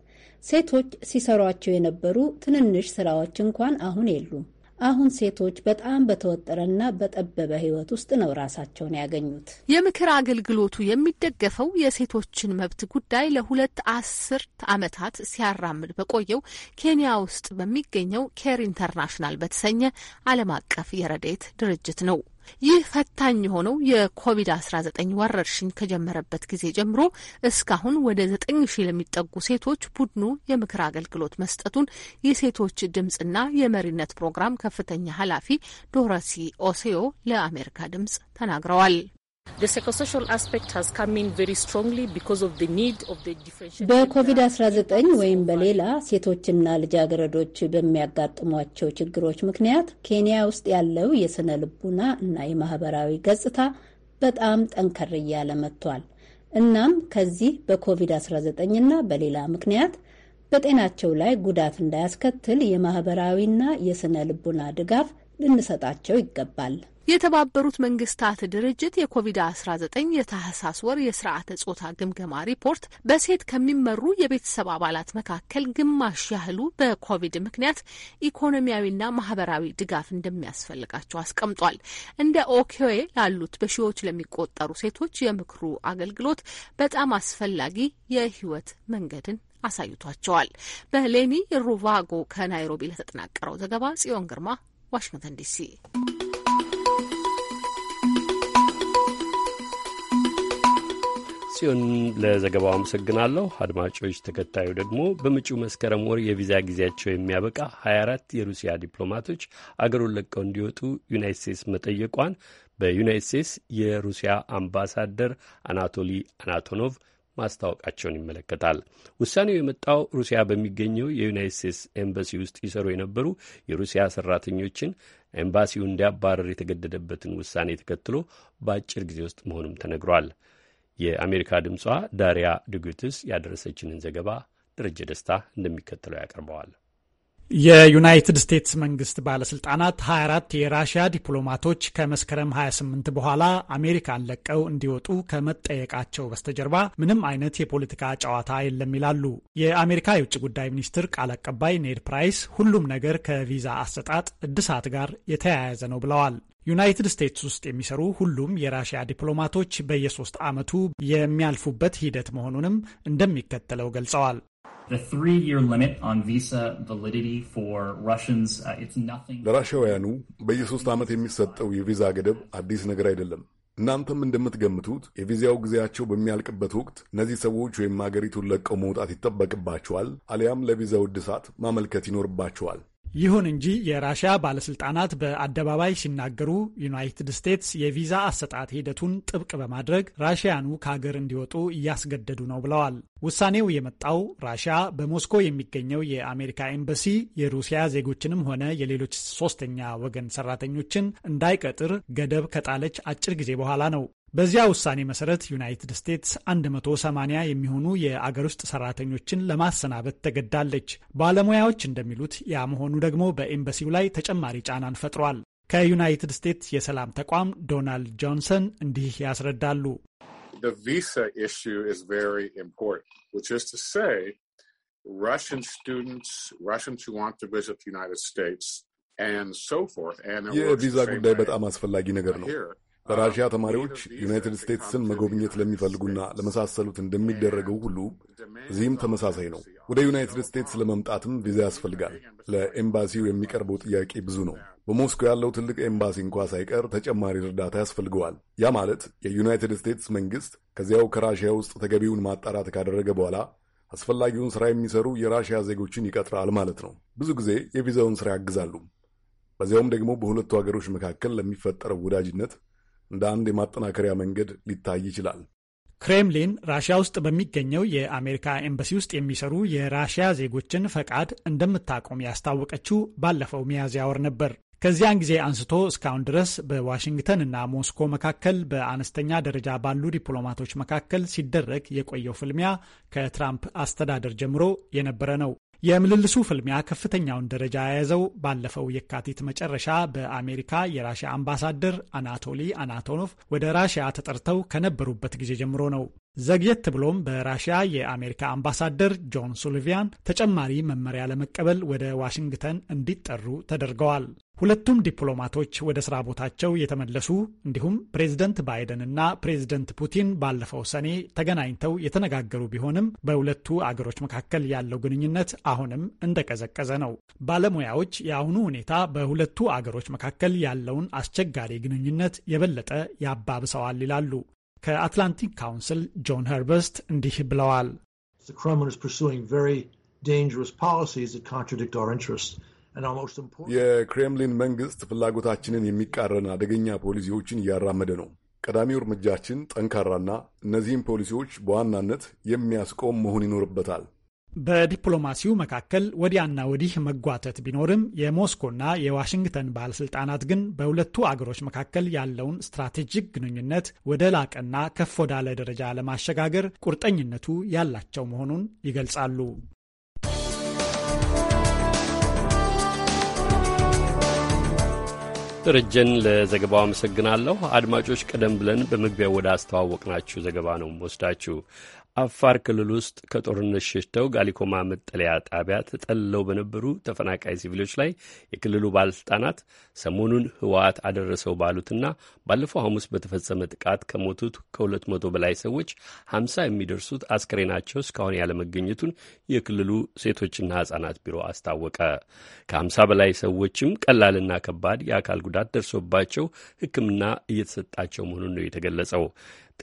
ሴቶች ሲሰሯቸው የነበሩ ትንንሽ ስራዎች እንኳን አሁን የሉም። አሁን ሴቶች በጣም በተወጠረና በጠበበ ህይወት ውስጥ ነው ራሳቸውን ያገኙት። የምክር አገልግሎቱ የሚደገፈው የሴቶችን መብት ጉዳይ ለሁለት አስርት ዓመታት ሲያራምድ በቆየው ኬንያ ውስጥ በሚገኘው ኬር ኢንተርናሽናል በተሰኘ ዓለም አቀፍ የረዴት ድርጅት ነው። ይህ ፈታኝ የሆነው የኮቪድ-19 ወረርሽኝ ከጀመረበት ጊዜ ጀምሮ እስካሁን ወደ ዘጠኝ ሺህ ለሚጠጉ ሴቶች ቡድኑ የምክር አገልግሎት መስጠቱን የሴቶች ድምፅና የመሪነት ፕሮግራም ከፍተኛ ኃላፊ ዶሮሲ ኦሴዮ ለአሜሪካ ድምፅ ተናግረዋል። በኮቪድ-19 ወይም በሌላ ሴቶችና ልጃገረዶች በሚያጋጥሟቸው ችግሮች ምክንያት ኬንያ ውስጥ ያለው የሥነ ልቡና እና የማህበራዊ ገጽታ በጣም ጠንከር እያለ መጥቷል። እናም ከዚህ በኮቪድ-19 እና በሌላ ምክንያት በጤናቸው ላይ ጉዳት እንዳያስከትል የማህበራዊና የሥነ ልቡና ድጋፍ ልንሰጣቸው ይገባል። የተባበሩት መንግስታት ድርጅት የኮቪድ-19 የታህሳስ ወር የስርዓተ ጾታ ግምገማ ሪፖርት በሴት ከሚመሩ የቤተሰብ አባላት መካከል ግማሽ ያህሉ በኮቪድ ምክንያት ኢኮኖሚያዊና ማህበራዊ ድጋፍ እንደሚያስፈልጋቸው አስቀምጧል። እንደ ኦኬዌ ላሉት በሺዎች ለሚቆጠሩ ሴቶች የምክሩ አገልግሎት በጣም አስፈላጊ የህይወት መንገድን አሳይቷቸዋል። በሌኒ ሩቫጎ ከናይሮቢ ለተጠናቀረው ዘገባ ጽዮን ግርማ ዋሽንግተን ዲሲ። ጽዮን ለዘገባው አመሰግናለሁ። አድማጮች፣ ተከታዩ ደግሞ በመጪው መስከረም ወር የቪዛ ጊዜያቸው የሚያበቃ 24 የሩሲያ ዲፕሎማቶች አገሩን ለቀው እንዲወጡ ዩናይት ስቴትስ መጠየቋን በዩናይት ስቴትስ የሩሲያ አምባሳደር አናቶሊ አናቶኖቭ ማስታወቃቸውን ይመለከታል። ውሳኔው የመጣው ሩሲያ በሚገኘው የዩናይት ስቴትስ ኤምባሲ ውስጥ ይሰሩ የነበሩ የሩሲያ ሰራተኞችን ኤምባሲው እንዲያባረር የተገደደበትን ውሳኔ ተከትሎ በአጭር ጊዜ ውስጥ መሆኑም ተነግሯል። የአሜሪካ ድምጿ ዳሪያ ድጉትስ ያደረሰችንን ዘገባ ደረጀ ደስታ እንደሚከተለው ያቀርበዋል። የዩናይትድ ስቴትስ መንግስት ባለስልጣናት 24 የራሽያ ዲፕሎማቶች ከመስከረም 28 በኋላ አሜሪካን ለቀው እንዲወጡ ከመጠየቃቸው በስተጀርባ ምንም አይነት የፖለቲካ ጨዋታ የለም ይላሉ። የአሜሪካ የውጭ ጉዳይ ሚኒስትር ቃል አቀባይ ኔድ ፕራይስ ሁሉም ነገር ከቪዛ አሰጣጥ እድሳት ጋር የተያያዘ ነው ብለዋል። ዩናይትድ ስቴትስ ውስጥ የሚሰሩ ሁሉም የራሽያ ዲፕሎማቶች በየሶስት ዓመቱ የሚያልፉበት ሂደት መሆኑንም እንደሚከተለው ገልጸዋል። Uh, ለራሽያውያኑ በየሶስት ዓመት የሚሰጠው የቪዛ ገደብ አዲስ ነገር አይደለም። እናንተም እንደምትገምቱት የቪዛው ጊዜያቸው በሚያልቅበት ወቅት እነዚህ ሰዎች ወይም አገሪቱን ለቀው መውጣት ይጠበቅባቸዋል፣ አሊያም ለቪዛው እድሳት ማመልከት ይኖርባቸዋል። ይሁን እንጂ የራሽያ ባለስልጣናት በአደባባይ ሲናገሩ ዩናይትድ ስቴትስ የቪዛ አሰጣት ሂደቱን ጥብቅ በማድረግ ራሽያኑ ከሀገር እንዲወጡ እያስገደዱ ነው ብለዋል። ውሳኔው የመጣው ራሽያ በሞስኮ የሚገኘው የአሜሪካ ኤምባሲ የሩሲያ ዜጎችንም ሆነ የሌሎች ሶስተኛ ወገን ሰራተኞችን እንዳይቀጥር ገደብ ከጣለች አጭር ጊዜ በኋላ ነው። በዚያ ውሳኔ መሰረት ዩናይትድ ስቴትስ 180 የሚሆኑ የአገር ውስጥ ሰራተኞችን ለማሰናበት ተገድዳለች። ባለሙያዎች እንደሚሉት ያ መሆኑ ደግሞ በኤምባሲው ላይ ተጨማሪ ጫናን ፈጥሯል። ከዩናይትድ ስቴትስ የሰላም ተቋም ዶናልድ ጆንሰን እንዲህ ያስረዳሉ። የቪዛ ጉዳይ በጣም አስፈላጊ ነገር ነው። በራሽያ ተማሪዎች ዩናይትድ ስቴትስን መጎብኘት ለሚፈልጉና ለመሳሰሉት እንደሚደረገው ሁሉ እዚህም ተመሳሳይ ነው። ወደ ዩናይትድ ስቴትስ ለመምጣትም ቪዛ ያስፈልጋል። ለኤምባሲው የሚቀርበው ጥያቄ ብዙ ነው። በሞስኮ ያለው ትልቅ ኤምባሲ እንኳ ሳይቀር ተጨማሪ እርዳታ ያስፈልገዋል። ያ ማለት የዩናይትድ ስቴትስ መንግስት ከዚያው ከራሽያ ውስጥ ተገቢውን ማጣራት ካደረገ በኋላ አስፈላጊውን ስራ የሚሰሩ የራሽያ ዜጎችን ይቀጥራል ማለት ነው። ብዙ ጊዜ የቪዛውን ስራ ያግዛሉ። በዚያውም ደግሞ በሁለቱ ሀገሮች መካከል ለሚፈጠረው ወዳጅነት እንደ አንድ የማጠናከሪያ መንገድ ሊታይ ይችላል። ክሬምሊን ራሽያ ውስጥ በሚገኘው የአሜሪካ ኤምባሲ ውስጥ የሚሰሩ የራሽያ ዜጎችን ፈቃድ እንደምታቆም ያስታወቀችው ባለፈው ሚያዝያ ወር ነበር። ከዚያን ጊዜ አንስቶ እስካሁን ድረስ በዋሽንግተን እና ሞስኮ መካከል በአነስተኛ ደረጃ ባሉ ዲፕሎማቶች መካከል ሲደረግ የቆየው ፍልሚያ ከትራምፕ አስተዳደር ጀምሮ የነበረ ነው። የምልልሱ ፍልሚያ ከፍተኛውን ደረጃ የያዘው ባለፈው የካቲት መጨረሻ በአሜሪካ የራሽያ አምባሳደር አናቶሊ አናቶኖቭ ወደ ራሽያ ተጠርተው ከነበሩበት ጊዜ ጀምሮ ነው። ዘግየት ብሎም በራሽያ የአሜሪካ አምባሳደር ጆን ሱሊቪያን ተጨማሪ መመሪያ ለመቀበል ወደ ዋሽንግተን እንዲጠሩ ተደርገዋል። ሁለቱም ዲፕሎማቶች ወደ ስራ ቦታቸው የተመለሱ እንዲሁም ፕሬዝደንት ባይደን እና ፕሬዝደንት ፑቲን ባለፈው ሰኔ ተገናኝተው የተነጋገሩ ቢሆንም በሁለቱ አገሮች መካከል ያለው ግንኙነት አሁንም እንደቀዘቀዘ ነው። ባለሙያዎች የአሁኑ ሁኔታ በሁለቱ አገሮች መካከል ያለውን አስቸጋሪ ግንኙነት የበለጠ ያባብሰዋል ይላሉ። ከአትላንቲክ ካውንስል ጆን ሄርበስት እንዲህ ብለዋል። የክሬምሊን መንግስት ፍላጎታችንን የሚቃረን አደገኛ ፖሊሲዎችን እያራመደ ነው። ቀዳሚው እርምጃችን ጠንካራና እነዚህም ፖሊሲዎች በዋናነት የሚያስቆም መሆን ይኖርበታል። በዲፕሎማሲው መካከል ወዲያና ወዲህ መጓተት ቢኖርም የሞስኮና የዋሽንግተን ባለስልጣናት ግን በሁለቱ አገሮች መካከል ያለውን ስትራቴጂክ ግንኙነት ወደ ላቀና ከፍ ወዳለ ደረጃ ለማሸጋገር ቁርጠኝነቱ ያላቸው መሆኑን ይገልጻሉ። ደረጀን ለዘገባው አመሰግናለሁ። አድማጮች፣ ቀደም ብለን በመግቢያው ወደ አስተዋወቅናችሁ ዘገባ ነው ወስዳችሁ አፋር ክልል ውስጥ ከጦርነት ሸሽተው ጋሊኮማ መጠለያ ጣቢያ ተጠልለው በነበሩ ተፈናቃይ ሲቪሎች ላይ የክልሉ ባለስልጣናት ሰሞኑን ህወሓት አደረሰው ባሉትና ባለፈው ሐሙስ በተፈጸመ ጥቃት ከሞቱት ከ200 በላይ ሰዎች ሀምሳ የሚደርሱት ናቸው እስካሁን ያለመገኘቱን የክልሉ ሴቶችና ህጻናት ቢሮ አስታወቀ። ከ50 በላይ ሰዎችም ቀላልና ከባድ የአካል ጉዳት ደርሶባቸው ሕክምና እየተሰጣቸው መሆኑን ነው የተገለጸው።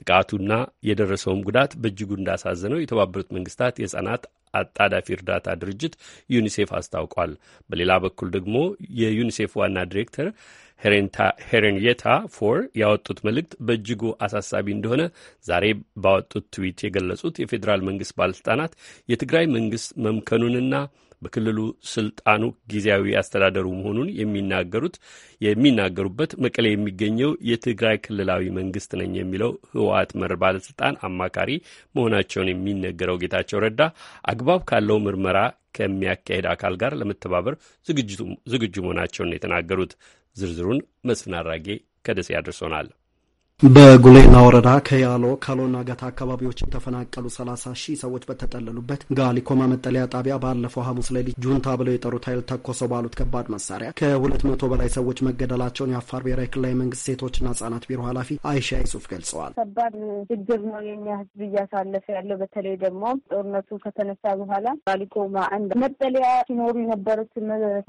ጥቃቱና የደረሰውም ጉዳት በእጅጉ እንዳሳዘነው የተባበሩት መንግስታት የህጻናት አጣዳፊ እርዳታ ድርጅት ዩኒሴፍ አስታውቋል። በሌላ በኩል ደግሞ የዩኒሴፍ ዋና ዲሬክተር ሄሬንየታ ፎር ያወጡት መልእክት በእጅጉ አሳሳቢ እንደሆነ ዛሬ ባወጡት ትዊት የገለጹት የፌዴራል መንግስት ባለስልጣናት የትግራይ መንግስት መምከኑንና በክልሉ ስልጣኑ ጊዜያዊ አስተዳደሩ መሆኑን የሚናገሩት የሚናገሩበት መቀሌ የሚገኘው የትግራይ ክልላዊ መንግስት ነኝ የሚለው ህወሓት መር ባለስልጣን አማካሪ መሆናቸውን የሚነገረው ጌታቸው ረዳ አግባብ ካለው ምርመራ ከሚያካሄድ አካል ጋር ለመተባበር ዝግጁ መሆናቸውን የተናገሩት። ዝርዝሩን መስፍን አራጌ ከደሴ አድርሶናል። በጉሌና ወረዳ ከያሎ ካሎና ገታ አካባቢዎች የተፈናቀሉ ሰላሳ ሺህ ሰዎች በተጠለሉበት ጋሊኮማ መጠለያ ጣቢያ ባለፈው ሐሙስ ሌሊት ጁንታ ብለው የጠሩት ኃይል ተኮሰው ባሉት ከባድ መሳሪያ ከሁለት መቶ በላይ ሰዎች መገደላቸውን የአፋር ብሔራዊ ክልላዊ መንግስት ሴቶችና ህጻናት ቢሮ ኃላፊ አይሻ ይሱፍ ገልጸዋል። ከባድ ችግር ነው የኛ ህዝብ እያሳለፈ ያለው። በተለይ ደግሞ ጦርነቱ ከተነሳ በኋላ ጋሊኮማ አንድ መጠለያ ሲኖሩ የነበሩት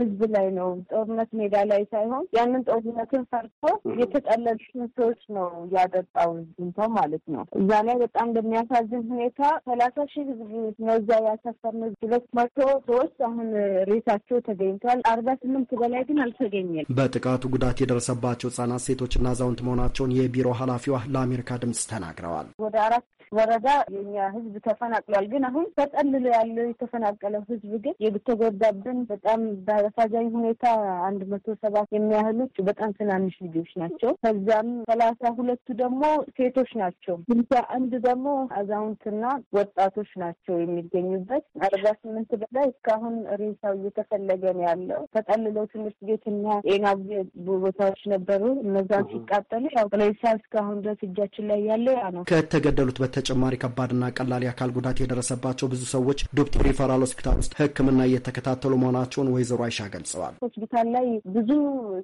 ህዝብ ላይ ነው ጦርነት ሜዳ ላይ ሳይሆን ያንን ጦርነትን ፈርቶ የተጠለሉትን ሰዎች ነው ያጠጣው ጁንታው ማለት ነው። እዛ ላይ በጣም በሚያሳዝን ሁኔታ ሰላሳ ሺህ ህዝብ ነው እዛ ያሳፈርነው። ሁለት መቶ ሰዎች አሁን ሬሳቸው ተገኝቷል። አርባ ስምንት በላይ ግን አልተገኘም። በጥቃቱ ጉዳት የደረሰባቸው ህጻናት፣ ሴቶችና አዛውንት መሆናቸውን የቢሮ ኃላፊዋ ለአሜሪካ ድምጽ ተናግረዋል። ወደ አራት ወረዳ የኛ ህዝብ ተፈናቅሏል። ግን አሁን ተጠልሎ ያለው የተፈናቀለው ህዝብ ግን የተጎዳብን በጣም በአሳዛኝ ሁኔታ አንድ መቶ ሰባት የሚያህሉት በጣም ትናንሽ ልጆች ናቸው። ከዚያም ሰላሳ ሁለቱ ደግሞ ሴቶች ናቸው። ስልሳ አንድ ደግሞ አዛውንትና ወጣቶች ናቸው የሚገኙበት። አርባ ስምንት በላይ እስካሁን ሬሳው እየተፈለገ ነው ያለው። ተጠልለው ትምህርት ቤትና ጤና ቦታዎች ነበሩ። እነዛን ሲቃጠሉ ያው ሬሳ እስካሁን ድረስ እጃችን ላይ ያለው ያ ነው። ከተገደሉት በተ በተጨማሪ ከባድና ቀላል የአካል ጉዳት የደረሰባቸው ብዙ ሰዎች ዶክተር ሪፈራል ሆስፒታል ውስጥ ሕክምና እየተከታተሉ መሆናቸውን ወይዘሮ አይሻ ገልጸዋል። ሆስፒታል ላይ ብዙ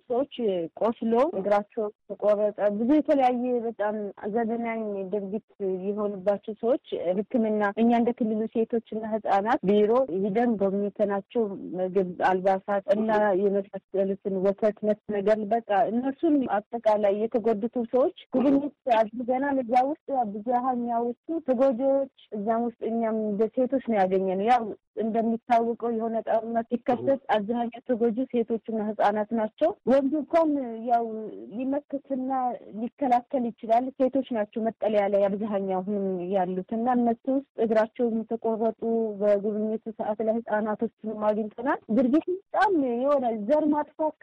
ሰዎች ቆስሎ እግራቸው ተቆረጠ፣ ብዙ የተለያየ በጣም ዘግናኝ ድርጊት የሆኑባቸው ሰዎች ሕክምና እኛ እንደ ክልሉ ሴቶችና ሕጻናት ቢሮ ሂደን ጎብኝተናቸው ምግብ፣ አልባሳት እና የመሳሰሉትን ወተት መስ ነገር በቃ እነሱን አጠቃላይ የተጎዱቱ ሰዎች ጉብኝት አድርገናል። እዛ ውስጥ ብዙሀኛው ሰዎቹ ተጎጂዎች እዛም ውስጥ እኛም እንደ ሴቶች ነው ያገኘ ነው። ያው እንደሚታወቀው የሆነ ጠርነት ሲከሰት አብዛኛው ተጎጂ ሴቶችና ህጻናት ናቸው። ወንዱ እንኳን ያው ሊመክትና ሊከላከል ይችላል። ሴቶች ናቸው መጠለያ ላይ አብዛኛው አሁንም ያሉት እና እነሱ ውስጥ እግራቸውም የተቆረጡ በጉብኝቱ ሰዓት ላይ ህጻናቶችንም አግኝተናል። ድርጊት በጣም የሆነ ዘር ማጥፋት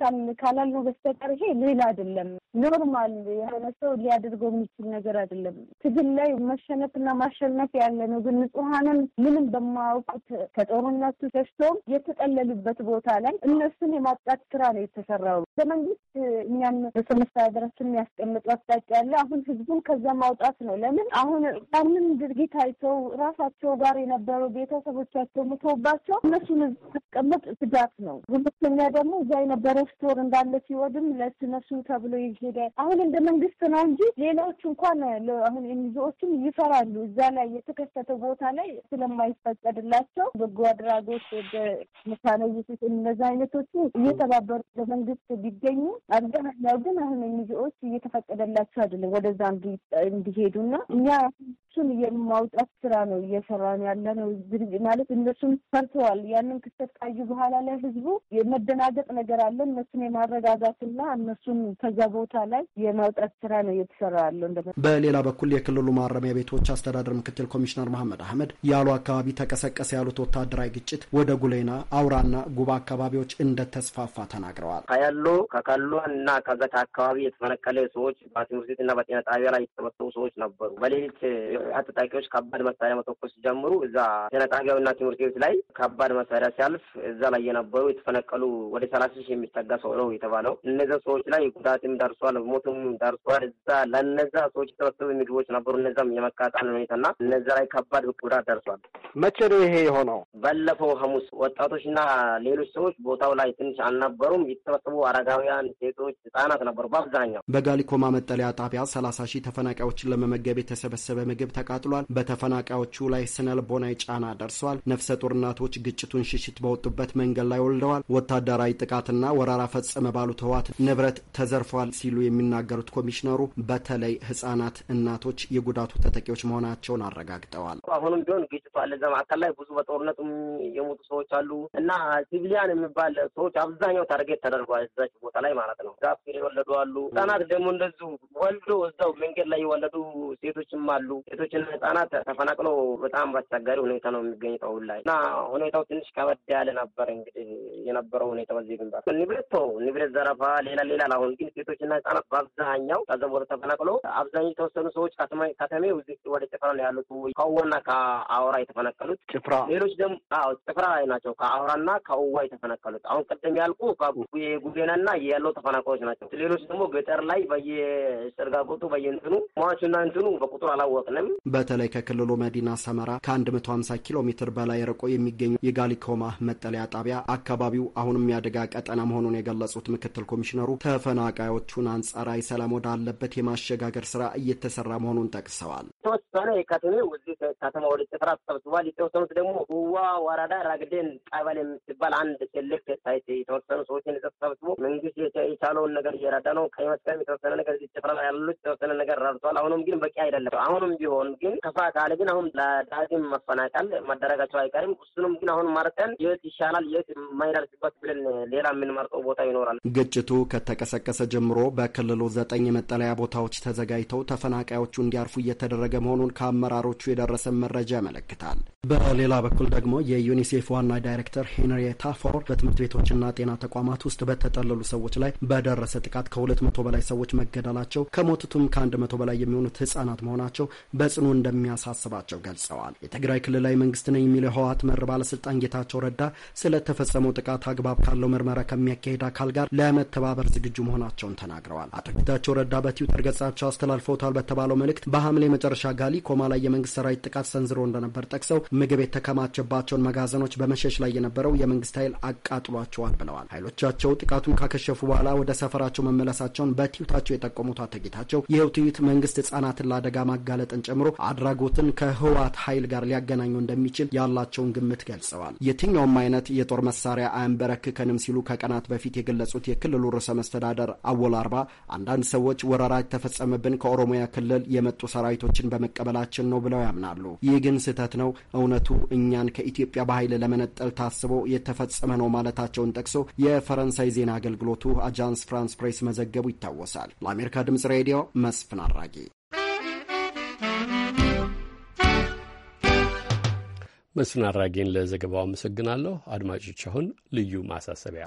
ካላልነው በስተቀር ይሄ ሌላ አይደለም። ኖርማል የሆነ ሰው ሊያደርገው የሚችል ነገር አይደለም። ትግል ላይ መሸ ማሸነፍና ማሸነፍ ያለ ነው። ግን ንጹሐንን ምንም በማያውቁት ከጦርነቱ ሸሽቶም የተጠለሉበት ቦታ ላይ እነሱን የማጥቃት ስራ ነው የተሰራው። በመንግስት እኛም ርዕሰ መስተዳድራችን የሚያስቀምጡ አስታቂ ያለ አሁን ህዝቡን ከዛ ማውጣት ነው። ለምን አሁን ያንን ድርጊት አይተው ራሳቸው ጋር የነበረው ቤተሰቦቻቸው ሙተውባቸው እነሱን ማስቀመጥ ስጋት ነው። ሁለተኛ ደግሞ እዛ የነበረ ስቶር እንዳለ ሲወድም ለእነሱ ተብሎ ይሄዳል። አሁን እንደ መንግስት ነው እንጂ ሌላዎች እንኳን አሁን የሚዞዎችም ይፋ ይሰራሉ። እዛ ላይ የተከሰተ ቦታ ላይ ስለማይፈቀድላቸው በጎ አድራጎት መካነ እነዚ አይነቶቹ እየተባበሩ በመንግስት ቢገኙ፣ አብዛኛው ግን አሁን ኤንጂኦዎች እየተፈቀደላቸው አይደለም ወደዛ እንዲሄዱና እኛ እሱን የማውጣት ስራ ነው ነው ያለ ነው ማለት እነሱም ፈርተዋል። ያንን ክስተት ካዩ በኋላ ላይ ህዝቡ የመደናገጥ ነገር አለ። እነሱን የማረጋጋትና እነሱን ከዛ ቦታ ላይ የማውጣት ስራ ነው እየተሰራ ያለው። በሌላ በኩል የክልሉ ማረሚያ ቤቶች አስተዳደር ምክትል ኮሚሽነር መሐመድ አህመድ ያሉ አካባቢ ተቀሰቀሰ ያሉት ወታደራዊ ግጭት ወደ ጉሌና አውራና ጉባ አካባቢዎች እንደተስፋፋ ተናግረዋል። ከያሎ ከካሎ እና ከገታ አካባቢ የተፈነቀለ ሰዎች በትምህርት ቤትና በጤና ጣቢያ ላይ የተሰበሰቡ ሰዎች ነበሩ። በሌሊት አጥጣቂዎች ከባድ መሳሪያ መተኮስ ሲጀምሩ እዛ ጤና ትምህርት ቤት ላይ ከባድ መሳሪያ ሲያልፍ እዛ ላይ የነበሩ የተፈነቀሉ ወደ ሰላሳ ሺህ የሚጠጋ ሰው ነው የተባለው። እነዚ ሰዎች ላይ ጉዳትም ደርሷል፣ ሞትም ደርሷል። እዛ ለነዛ ሰዎች የተሰበሰቡ ምግቦች ነበሩ። እነዛም የመቃጠል ሁኔታና እነዛ ላይ ከባድ ጉዳት ደርሷል። መቼ ነው ይሄ የሆነው? ባለፈው ሐሙስ ወጣቶችና ሌሎች ሰዎች ቦታው ላይ ትንሽ አልነበሩም። የተሰበሰቡ አረጋውያን፣ ሴቶች፣ ህጻናት ነበሩ በአብዛኛው። በጋሊኮማ መጠለያ ጣቢያ ሰላሳ ሺህ ተፈናቃዮችን ለመመገብ የተሰበሰበ ምግብ ተቃጥሏል። በተፈናቃዮቹ ላይ ስነልቦናዊ ጫና ደርሷል። ነፍሰ ጡር እናቶች ግጭቱን ሽሽት በወጡበት መንገድ ላይ ወልደዋል። ወታደራዊ ጥቃትና ወረራ ፈጸመ ባሉት ህወሓት ንብረት ተዘርፏል ሲሉ የሚናገሩት ኮሚሽነሩ በተለይ ህጻናት፣ እናቶች የጉዳቱ ተጠቂዎች መሆናቸውን አረጋግጠዋል። አሁንም ቢሆን ግጭቱ አለ። እዛ ማዕከል ላይ ብዙ በጦርነቱም የሞቱ ሰዎች አሉ እና ሲቪሊያን የሚባል ሰዎች አብዛኛው ታርጌት ተደርጓል። እዛች ቦታ ላይ ማለት ነው። ዛፍ የወለዱ አሉ። ህጻናት ደግሞ እንደዚሁ ወልዶ እዛው መንገድ ላይ የወለዱ ሴቶችም አሉ። ሴቶችና ህጻናት ተፈናቅለው በጣም በአስቸጋሪ ሁኔታ ነው የሚገኝተው ላይ እና ሁኔታው ትንሽ ከበድ ያለ ነበር። እንግዲህ የነበረው ሁኔታ በዚህ ግንባር ንብረት ተው ንብረት ዘረፋ፣ ሌላ ሌላ። አሁን ግን ሴቶችና ህጻናት በአብዛኛው ከዛ ቦታ ተፈናቅሎ አብዛኛው የተወሰኑ ሰዎች ከተሜ ወደ ጭፍራ ነው ያሉት። ከእዋና ከአውራ የተፈናቀሉት ጭፍራ፣ ሌሎች ደግሞ ጭፍራ ላይ ናቸው። ከአውራና ከእዋ የተፈናቀሉት አሁን ቅድም ያልኩ የጉዴናና ያለው ተፈናቃዮች ናቸው። ሌሎች ደግሞ ገጠር ላይ በየጭርጋጎጡ በየእንትኑ ሟቹና እንትኑ በቁጥር አላወቅንም። በተለይ ከክልሉ መዲና ሰመራ ከ150 ኪሎ ሜትር በላይ ርቆ የሚገኘው የጋሊኮማ መጠለያ ጣቢያ አካባቢው አሁንም ያደጋ ቀጠና መሆኑን የገለጹት ምክትል ኮሚሽነሩ ተፈናቃዮቹን አንጻራዊ ሰላም ወዳለበት የማሸጋገር ስራ እየተሰራ መሆኑን ጠቅሰዋል። የተወሰነ የከተሜ እዚህ ከተማ ወደ ጭፍራ ተሰብስቧል። የተወሰኑት ደግሞ ህዋ ወረዳ ራግዴን ቀበሌ የምትባል አንድ ትልቅ ሳይት የተወሰኑ ሰዎችን ተሰብስቦ መንግስት የቻለውን ነገር እየረዳ ነው። ቀይ የተወሰነ ነገር ጭፍራ ያሉት የተወሰነ ነገር ረድቷል። አሁንም ግን በቂ አይደለም። አሁንም ቢሆን አሁን ግን ከፋ ካለ ግን አሁን ለዳግም መፈናቀል መደረጋቸው አይቀርም። እሱንም ግን አሁን መርጠን የት ይሻላል የት የማይደርስበት ብለን ሌላ የምንመርጠው ቦታ ይኖራል። ግጭቱ ከተቀሰቀሰ ጀምሮ በክልሉ ዘጠኝ የመጠለያ ቦታዎች ተዘጋጅተው ተፈናቃዮቹ እንዲያርፉ እየተደረገ መሆኑን ከአመራሮቹ የደረሰን መረጃ ያመለክታል። በሌላ በኩል ደግሞ የዩኒሴፍ ዋና ዳይሬክተር ሄንሪየታ ፎር በትምህርት ቤቶችና ጤና ተቋማት ውስጥ በተጠለሉ ሰዎች ላይ በደረሰ ጥቃት ከሁለት መቶ በላይ ሰዎች መገደላቸው ከሞቱትም ከአንድ መቶ በላይ የሚሆኑት ህጻናት መሆናቸው በጽኑ እንደሚያሳስባቸው ገልጸዋል። የትግራይ ክልላዊ መንግስት ነኝ የሚለው የህወሓት መር ባለስልጣን ጌታቸው ረዳ ስለተፈጸመው ጥቃት አግባብ ካለው ምርመራ ከሚያካሄድ አካል ጋር ለመተባበር ዝግጁ መሆናቸውን ተናግረዋል። አቶ ጌታቸው ረዳ በትዊተር ገጻቸው አስተላልፈውታል በተባለው መልእክት በሐምሌ መጨረሻ ጋሊ ኮማ ላይ የመንግስት ሰራዊት ጥቃት ሰንዝሮ እንደነበር ጠቅሰው ምግብ የተከማቸባቸውን መጋዘኖች በመሸሽ ላይ የነበረው የመንግስት ኃይል አቃጥሏቸዋል ብለዋል። ኃይሎቻቸው ጥቃቱን ካከሸፉ በኋላ ወደ ሰፈራቸው መመለሳቸውን በትዊታቸው የጠቆሙት አቶ ጌታቸው ይኸው ትዊት መንግስት ህጻናትን ለአደጋ ማጋለጥን ጨምሮ አድራጎትን ከህወሓት ኃይል ጋር ሊያገናኙ እንደሚችል ያላቸውን ግምት ገልጸዋል። የትኛውም አይነት የጦር መሳሪያ አያንበረክከንም ሲሉ ከቀናት በፊት የገለጹት የክልሉ ርዕሰ መስተዳደር አወል አርባ አንዳንድ ሰዎች ወረራ የተፈጸመብን ከኦሮሚያ ክልል የመጡ ሰራዊቶችን በመቀበላችን ነው ብለው ያምናሉ። ይህ ግን ስህተት ነው። እውነቱ እኛን ከኢትዮጵያ በኃይል ለመነጠል ታስቦ የተፈጸመ ነው ማለታቸውን ጠቅሶ የፈረንሳይ ዜና አገልግሎቱ አጃንስ ፍራንስ ፕሬስ መዘገቡ ይታወሳል። ለአሜሪካ ድምጽ ሬዲዮ መስፍን አራጌ መስፍን አራጌን ለዘገባው አመሰግናለሁ። አድማጮች፣ አሁን ልዩ ማሳሰቢያ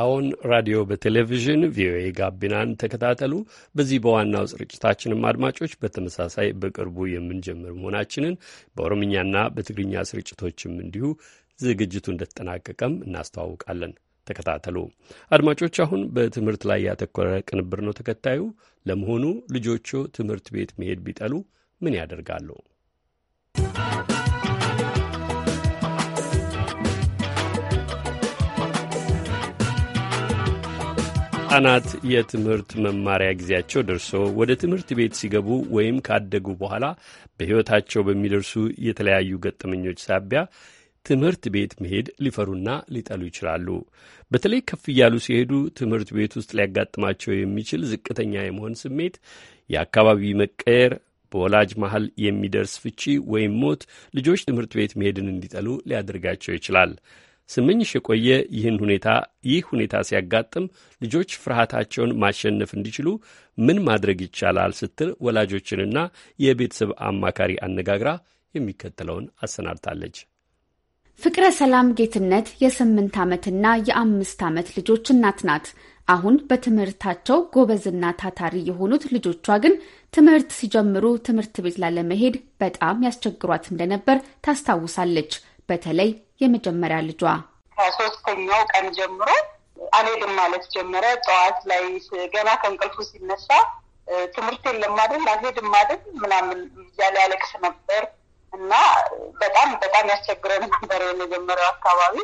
አሁን ራዲዮ በቴሌቪዥን ቪኦኤ ጋቢናን ተከታተሉ። በዚህ በዋናው ስርጭታችንም አድማጮች በተመሳሳይ በቅርቡ የምንጀምር መሆናችንን በኦሮምኛና በትግርኛ ስርጭቶችም እንዲሁ ዝግጅቱ እንደተጠናቀቀም እናስተዋውቃለን። ተከታተሉ አድማጮች። አሁን በትምህርት ላይ ያተኮረ ቅንብር ነው ተከታዩ። ለመሆኑ ልጆቹ ትምህርት ቤት መሄድ ቢጠሉ ምን ያደርጋሉ? ሕፃናት የትምህርት መማሪያ ጊዜያቸው ደርሶ ወደ ትምህርት ቤት ሲገቡ ወይም ካደጉ በኋላ በሕይወታቸው በሚደርሱ የተለያዩ ገጠመኞች ሳቢያ ትምህርት ቤት መሄድ ሊፈሩና ሊጠሉ ይችላሉ። በተለይ ከፍ እያሉ ሲሄዱ ትምህርት ቤት ውስጥ ሊያጋጥማቸው የሚችል ዝቅተኛ የመሆን ስሜት፣ የአካባቢ መቀየር፣ በወላጅ መሀል የሚደርስ ፍቺ ወይም ሞት ልጆች ትምህርት ቤት መሄድን እንዲጠሉ ሊያደርጋቸው ይችላል። ስመኝሽ የቆየ ይህን ሁኔታ ይህ ሁኔታ ሲያጋጥም ልጆች ፍርሃታቸውን ማሸነፍ እንዲችሉ ምን ማድረግ ይቻላል ስትል ወላጆችንና የቤተሰብ አማካሪ አነጋግራ የሚከተለውን አሰናድታለች። ፍቅረ ሰላም ጌትነት የስምንት ዓመትና የአምስት ዓመት ልጆች እናት ናት። አሁን በትምህርታቸው ጎበዝና ታታሪ የሆኑት ልጆቿ ግን ትምህርት ሲጀምሩ ትምህርት ቤት ላለመሄድ በጣም ያስቸግሯት እንደነበር ታስታውሳለች። በተለይ የመጀመሪያ ልጇ ከሶስተኛው ቀን ጀምሮ አልሄድም ማለት ጀመረ። ጠዋት ላይ ገና ከእንቅልፉ ሲነሳ ትምህርት የለም አይደል፣ አልሄድም አይደል ምናምን እያለ ያለቅስ ነበር እና በጣም በጣም ያስቸግረን ነበር የመጀመሪያው አካባቢ።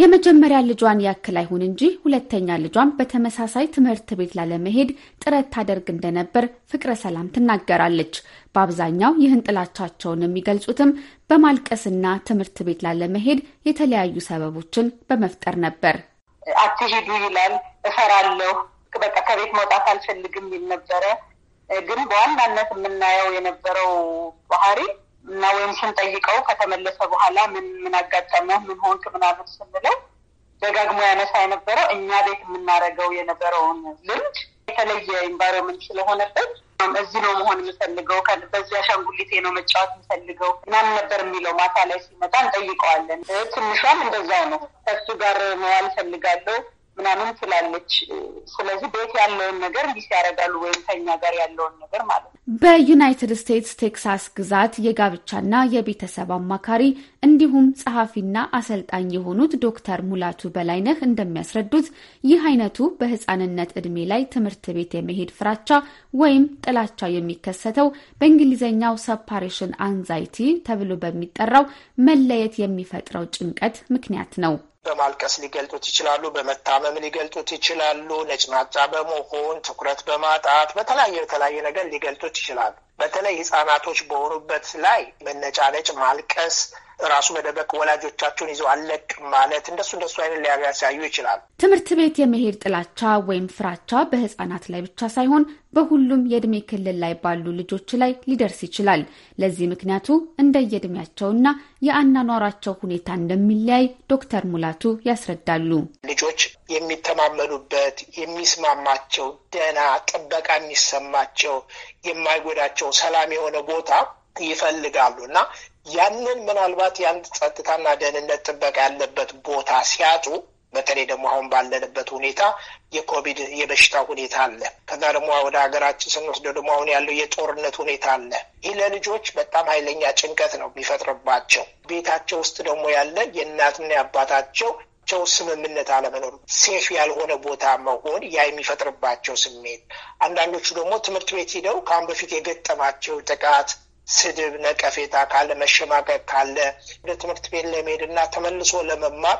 የመጀመሪያ ልጇን ያክል አይሁን እንጂ ሁለተኛ ልጇን በተመሳሳይ ትምህርት ቤት ላለመሄድ ጥረት ታደርግ እንደነበር ፍቅረ ሰላም ትናገራለች። በአብዛኛው ይህን ጥላቻቸውን የሚገልጹትም በማልቀስና ትምህርት ቤት ላለመሄድ የተለያዩ ሰበቦችን በመፍጠር ነበር። አትሄዱ ይላል፣ እፈራለሁ፣ በቃ ከቤት መውጣት አልፈልግም ይል ነበረ። ግን በዋናነት የምናየው የነበረው ባህሪ እና ወይም ስንጠይቀው ከተመለሰ በኋላ ምን ምን አጋጠመ፣ ምን ሆንክ ምናምን ስንለው ደጋግሞ ያነሳ የነበረው እኛ ቤት የምናደርገው የነበረውን ልምድ የተለየ ኢንቫይሮንመንት ስለሆነበት እዚህ ነው መሆን የምፈልገው፣ በዚህ አሻንጉሊቴ ነው መጫወት የምፈልገው ምናምን ነበር የሚለው። ማታ ላይ ሲመጣ እንጠይቀዋለን። ትንሿም እንደዛ ነው። ከሱ ጋር መዋል ፈልጋለሁ ምናምን ትላለች። ስለዚህ ቤት ያለውን ነገር እንዲህ ያደርጋሉ ወይም ከኛ ጋር ያለውን ነገር ማለት ነው። በዩናይትድ ስቴትስ ቴክሳስ ግዛት የጋብቻና የቤተሰብ አማካሪ እንዲሁም ጸሐፊና አሰልጣኝ የሆኑት ዶክተር ሙላቱ በላይነህ እንደሚያስረዱት ይህ አይነቱ በህፃንነት ዕድሜ ላይ ትምህርት ቤት የመሄድ ፍራቻ ወይም ጥላቻ የሚከሰተው በእንግሊዝኛው ሰፓሬሽን አንዛይቲ ተብሎ በሚጠራው መለየት የሚፈጥረው ጭንቀት ምክንያት ነው። በማልቀስ ሊገልጡት ይችላሉ። በመታመም ሊገልጡት ይችላሉ። ነጭናጫ በመሆን ትኩረት በማጣት በተለያየ በተለያየ ነገር ሊገልጡት ይችላሉ። በተለይ ህጻናቶች በሆኑበት ላይ መነጫነጭ፣ ማልቀስ ራሱ መደበቅ ወላጆቻቸውን ይዘው አለቅ ማለት እንደሱ እንደሱ አይነት ሊያሳዩ ይችላል። ትምህርት ቤት የመሄድ ጥላቻ ወይም ፍራቻ በህጻናት ላይ ብቻ ሳይሆን በሁሉም የእድሜ ክልል ላይ ባሉ ልጆች ላይ ሊደርስ ይችላል። ለዚህ ምክንያቱ እንደየእድሜያቸውና የአናኗሯቸው ሁኔታ እንደሚለያይ ዶክተር ሙላቱ ያስረዳሉ። ልጆች የሚተማመኑበት የሚስማማቸው፣ ደህና ጥበቃ የሚሰማቸው፣ የማይጎዳቸው ሰላም የሆነ ቦታ ይፈልጋሉ እና ያንን ምናልባት የአንድ ጸጥታና ደህንነት ጥበቃ ያለበት ቦታ ሲያጡ በተለይ ደግሞ አሁን ባለንበት ሁኔታ የኮቪድ የበሽታ ሁኔታ አለ። ከዛ ደግሞ ወደ ሀገራችን ስንወስደው ደግሞ አሁን ያለው የጦርነት ሁኔታ አለ። ይህ ለልጆች በጣም ኃይለኛ ጭንቀት ነው የሚፈጥርባቸው። ቤታቸው ውስጥ ደግሞ ያለ የእናትና የአባታቸው ቸው ስምምነት አለመኖር፣ ሴፍ ያልሆነ ቦታ መሆን ያ የሚፈጥርባቸው ስሜት፣ አንዳንዶቹ ደግሞ ትምህርት ቤት ሂደው ከአሁን በፊት የገጠማቸው ጥቃት ስድብ፣ ነቀፌታ ካለ መሸማቀቅ ካለ ወደ ትምህርት ቤት ለመሄድና ተመልሶ ለመማር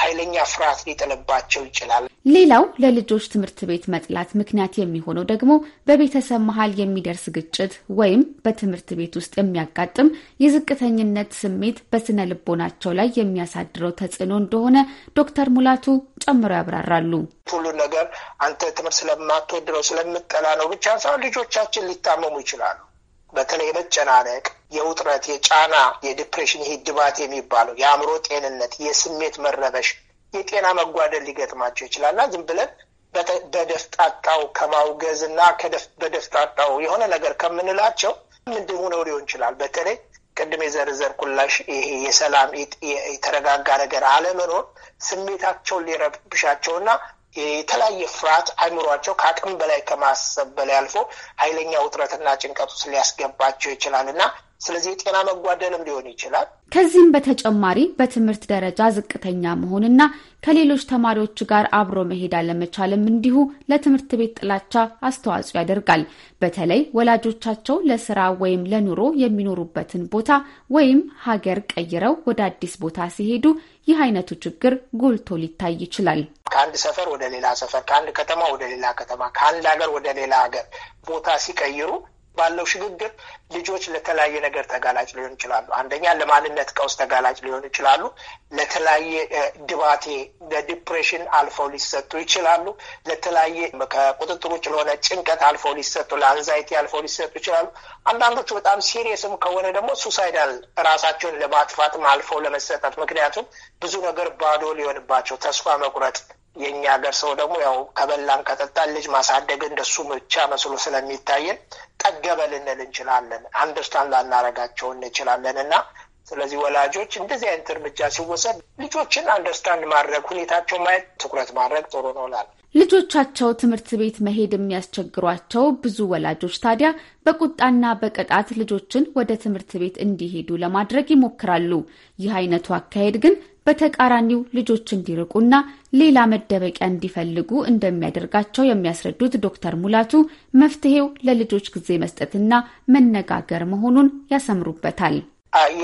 ኃይለኛ ፍርሃት ሊጥልባቸው ይችላል። ሌላው ለልጆች ትምህርት ቤት መጥላት ምክንያት የሚሆነው ደግሞ በቤተሰብ መሀል የሚደርስ ግጭት ወይም በትምህርት ቤት ውስጥ የሚያጋጥም የዝቅተኝነት ስሜት በስነ ልቦናቸው ላይ የሚያሳድረው ተጽዕኖ እንደሆነ ዶክተር ሙላቱ ጨምረው ያብራራሉ። ሁሉ ነገር አንተ ትምህርት ስለማትወድ ነው ስለምጠላ ነው ብቻ ሳይሆን ልጆቻችን ሊታመሙ ይችላሉ በተለይ የመጨናነቅ፣ የውጥረት፣ የጫና፣ የዲፕሬሽን፣ ይሄ ድባት የሚባለው የአእምሮ ጤንነት፣ የስሜት መረበሽ፣ የጤና መጓደል ሊገጥማቸው ይችላልና ዝም ብለን በደፍጣጣው ከማውገዝ እና በደፍጣጣው የሆነ ነገር ከምንላቸው ምንድን ሆነው ሊሆን ይችላል። በተለይ ቅድም የዘርዘር ኩላሽ ይሄ የሰላም የተረጋጋ ነገር አለመኖር ስሜታቸውን ሊረብሻቸውና የተለያየ ፍርሃት አይምሯቸው ከአቅም በላይ ከማሰብ በላይ አልፎ ኃይለኛ ውጥረትና ጭንቀት ውስጥ ሊያስገባቸው ይችላል እና ስለዚህ የጤና መጓደልም ሊሆን ይችላል። ከዚህም በተጨማሪ በትምህርት ደረጃ ዝቅተኛ መሆንና ከሌሎች ተማሪዎች ጋር አብሮ መሄድ አለመቻልም እንዲሁ ለትምህርት ቤት ጥላቻ አስተዋጽኦ ያደርጋል። በተለይ ወላጆቻቸው ለስራ ወይም ለኑሮ የሚኖሩበትን ቦታ ወይም ሀገር ቀይረው ወደ አዲስ ቦታ ሲሄዱ ይህ አይነቱ ችግር ጎልቶ ሊታይ ይችላል። ከአንድ ሰፈር ወደ ሌላ ሰፈር፣ ከአንድ ከተማ ወደ ሌላ ከተማ፣ ከአንድ ሀገር ወደ ሌላ ሀገር ቦታ ሲቀይሩ ባለው ሽግግር ልጆች ለተለያየ ነገር ተጋላጭ ሊሆኑ ይችላሉ። አንደኛ ለማንነት ቀውስ ተጋላጭ ሊሆኑ ይችላሉ። ለተለያየ ድባቴ፣ ለዲፕሬሽን አልፈው ሊሰጡ ይችላሉ። ለተለያየ ከቁጥጥር ውጭ ለሆነ ጭንቀት አልፈው ሊሰጡ፣ ለአንዛይቲ አልፈው ሊሰጡ ይችላሉ። አንዳንዶቹ በጣም ሲሪየስም ከሆነ ደግሞ ሱሳይዳል ራሳቸውን ለማጥፋትም አልፈው ለመሰጠት፣ ምክንያቱም ብዙ ነገር ባዶ ሊሆንባቸው ተስፋ መቁረጥ የእኛ ሀገር ሰው ደግሞ ያው ከበላን ከጠጣን ልጅ ማሳደግ እንደሱ ብቻ መስሎ ስለሚታየን ጠገበ ልንል እንችላለን። አንደርስታንድ ላናረጋቸው እንችላለን እና ስለዚህ ወላጆች እንደዚህ አይነት እርምጃ ሲወሰድ ልጆችን አንደርስታንድ ማድረግ፣ ሁኔታቸው ማየት፣ ትኩረት ማድረግ ጥሩ ነው ላል ልጆቻቸው ትምህርት ቤት መሄድ የሚያስቸግሯቸው ብዙ ወላጆች ታዲያ በቁጣና በቅጣት ልጆችን ወደ ትምህርት ቤት እንዲሄዱ ለማድረግ ይሞክራሉ። ይህ አይነቱ አካሄድ ግን በተቃራኒው ልጆች እንዲርቁና ሌላ መደበቂያ እንዲፈልጉ እንደሚያደርጋቸው የሚያስረዱት ዶክተር ሙላቱ መፍትሄው ለልጆች ጊዜ መስጠትና መነጋገር መሆኑን ያሰምሩበታል።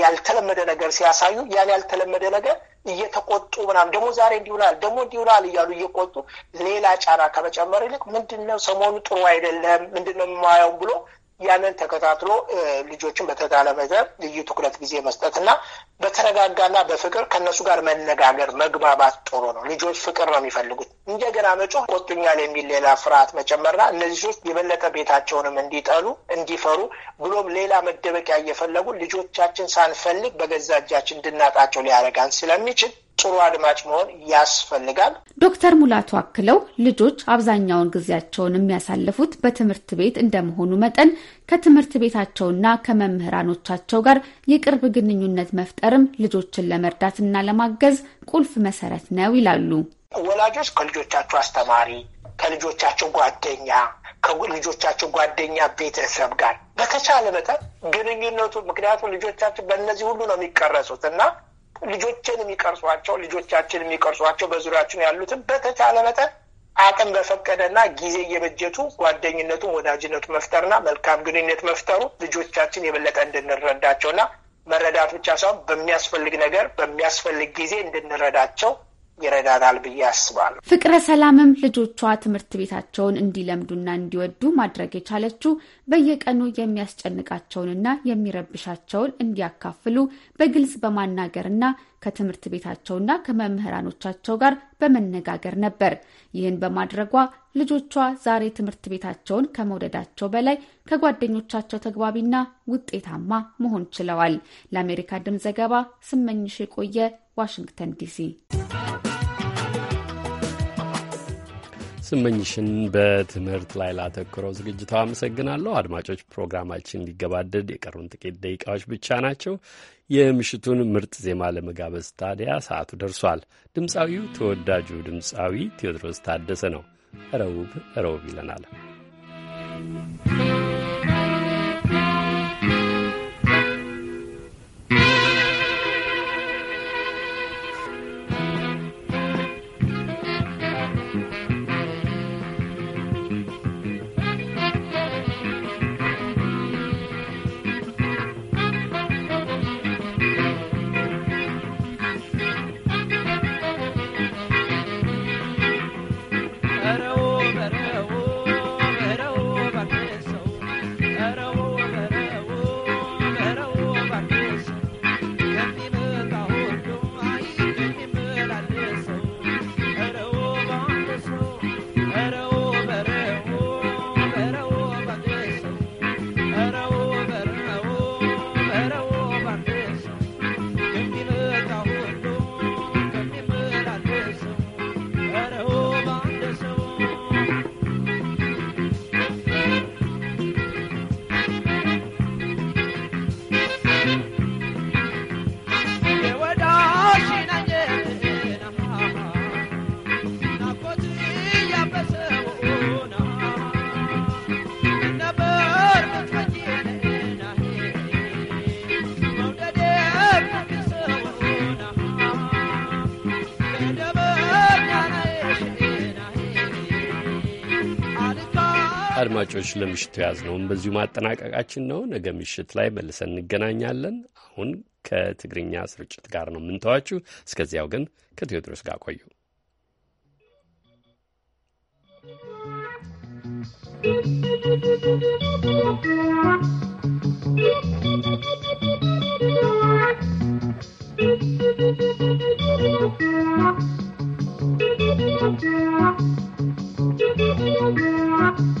ያልተለመደ ነገር ሲያሳዩ ያን ያልተለመደ ነገር እየተቆጡ ምናምን ደግሞ ዛሬ እንዲሆናል ደግሞ እንዲሆናል እያሉ እየቆጡ ሌላ ጫና ከመጨመር ይልቅ ምንድነው ሰሞኑ ጥሩ አይደለም ምንድነው የማየው ብሎ ያንን ተከታትሎ ልጆችን በተቻለ መጠን ልዩ ትኩረት ጊዜ መስጠትና በተረጋጋና በፍቅር ከእነሱ ጋር መነጋገር መግባባት ጥሩ ነው። ልጆች ፍቅር ነው የሚፈልጉት። እንደገና መጮህ ቆጡኛል የሚል ሌላ ፍርሃት መጨመርና እነዚህ ሶስት የበለጠ ቤታቸውንም እንዲጠሉ እንዲፈሩ፣ ብሎም ሌላ መደበቂያ እየፈለጉ ልጆቻችን ሳንፈልግ በገዛ እጃችን እንድናጣቸው ሊያደርጋን ስለሚችል ጥሩ አድማጭ መሆን ያስፈልጋል። ዶክተር ሙላቱ አክለው ልጆች አብዛኛውን ጊዜያቸውን የሚያሳልፉት በትምህርት ቤት እንደመሆኑ መጠን ከትምህርት ቤታቸውና ከመምህራኖቻቸው ጋር የቅርብ ግንኙነት መፍጠርም ልጆችን ለመርዳትና ለማገዝ ቁልፍ መሰረት ነው ይላሉ። ወላጆች ከልጆቻቸው አስተማሪ፣ ከልጆቻቸው ጓደኛ፣ ከልጆቻቸው ጓደኛ ቤተሰብ ጋር በተቻለ መጠን ግንኙነቱ ምክንያቱም ልጆቻቸው በእነዚህ ሁሉ ነው የሚቀረጹት እና ልጆችን የሚቀርጿቸው ልጆቻችን የሚቀርጿቸው በዙሪያችን ያሉትን በተቻለ መጠን አቅም በፈቀደና ጊዜ እየበጀቱ ጓደኝነቱን ወዳጅነቱ መፍጠርና መልካም ግንኙነት መፍጠሩ ልጆቻችን የበለጠ እንድንረዳቸውና መረዳት ብቻ ሳይሆን በሚያስፈልግ ነገር በሚያስፈልግ ጊዜ እንድንረዳቸው ይረዳናል ብዬ አስባለሁ። ፍቅረ ሰላምም ልጆቿ ትምህርት ቤታቸውን እንዲለምዱና እንዲወዱ ማድረግ የቻለችው በየቀኑ የሚያስጨንቃቸውንና የሚረብሻቸውን እንዲያካፍሉ በግልጽ በማናገርና ከትምህርት ቤታቸውና ከመምህራኖቻቸው ጋር በመነጋገር ነበር። ይህን በማድረጓ ልጆቿ ዛሬ ትምህርት ቤታቸውን ከመውደዳቸው በላይ ከጓደኞቻቸው ተግባቢና ውጤታማ መሆን ችለዋል። ለአሜሪካ ድምፅ ዘገባ ስመኝሽ የቆየ ዋሽንግተን ዲሲ። ስመኝሽን በትምህርት ላይ ላተኩረው ዝግጅቷ አመሰግናለሁ። አድማጮች ፕሮግራማችን ሊገባደድ የቀሩን ጥቂት ደቂቃዎች ብቻ ናቸው። የምሽቱን ምርጥ ዜማ ለመጋበዝ ታዲያ ሰዓቱ ደርሷል። ድምፃዊው ተወዳጁ ድምፃዊ ቴዎድሮስ ታደሰ ነው። ረቡብ ረቡብ ይለናል። አድማጮች ለምሽቱ ያዝነውን በዚሁ ማጠናቀቃችን ነው። ነገ ምሽት ላይ መልሰን እንገናኛለን። አሁን ከትግርኛ ስርጭት ጋር ነው የምንተዋችሁ። እስከዚያው ግን ከቴዎድሮስ ጋር ቆዩ። Thank you.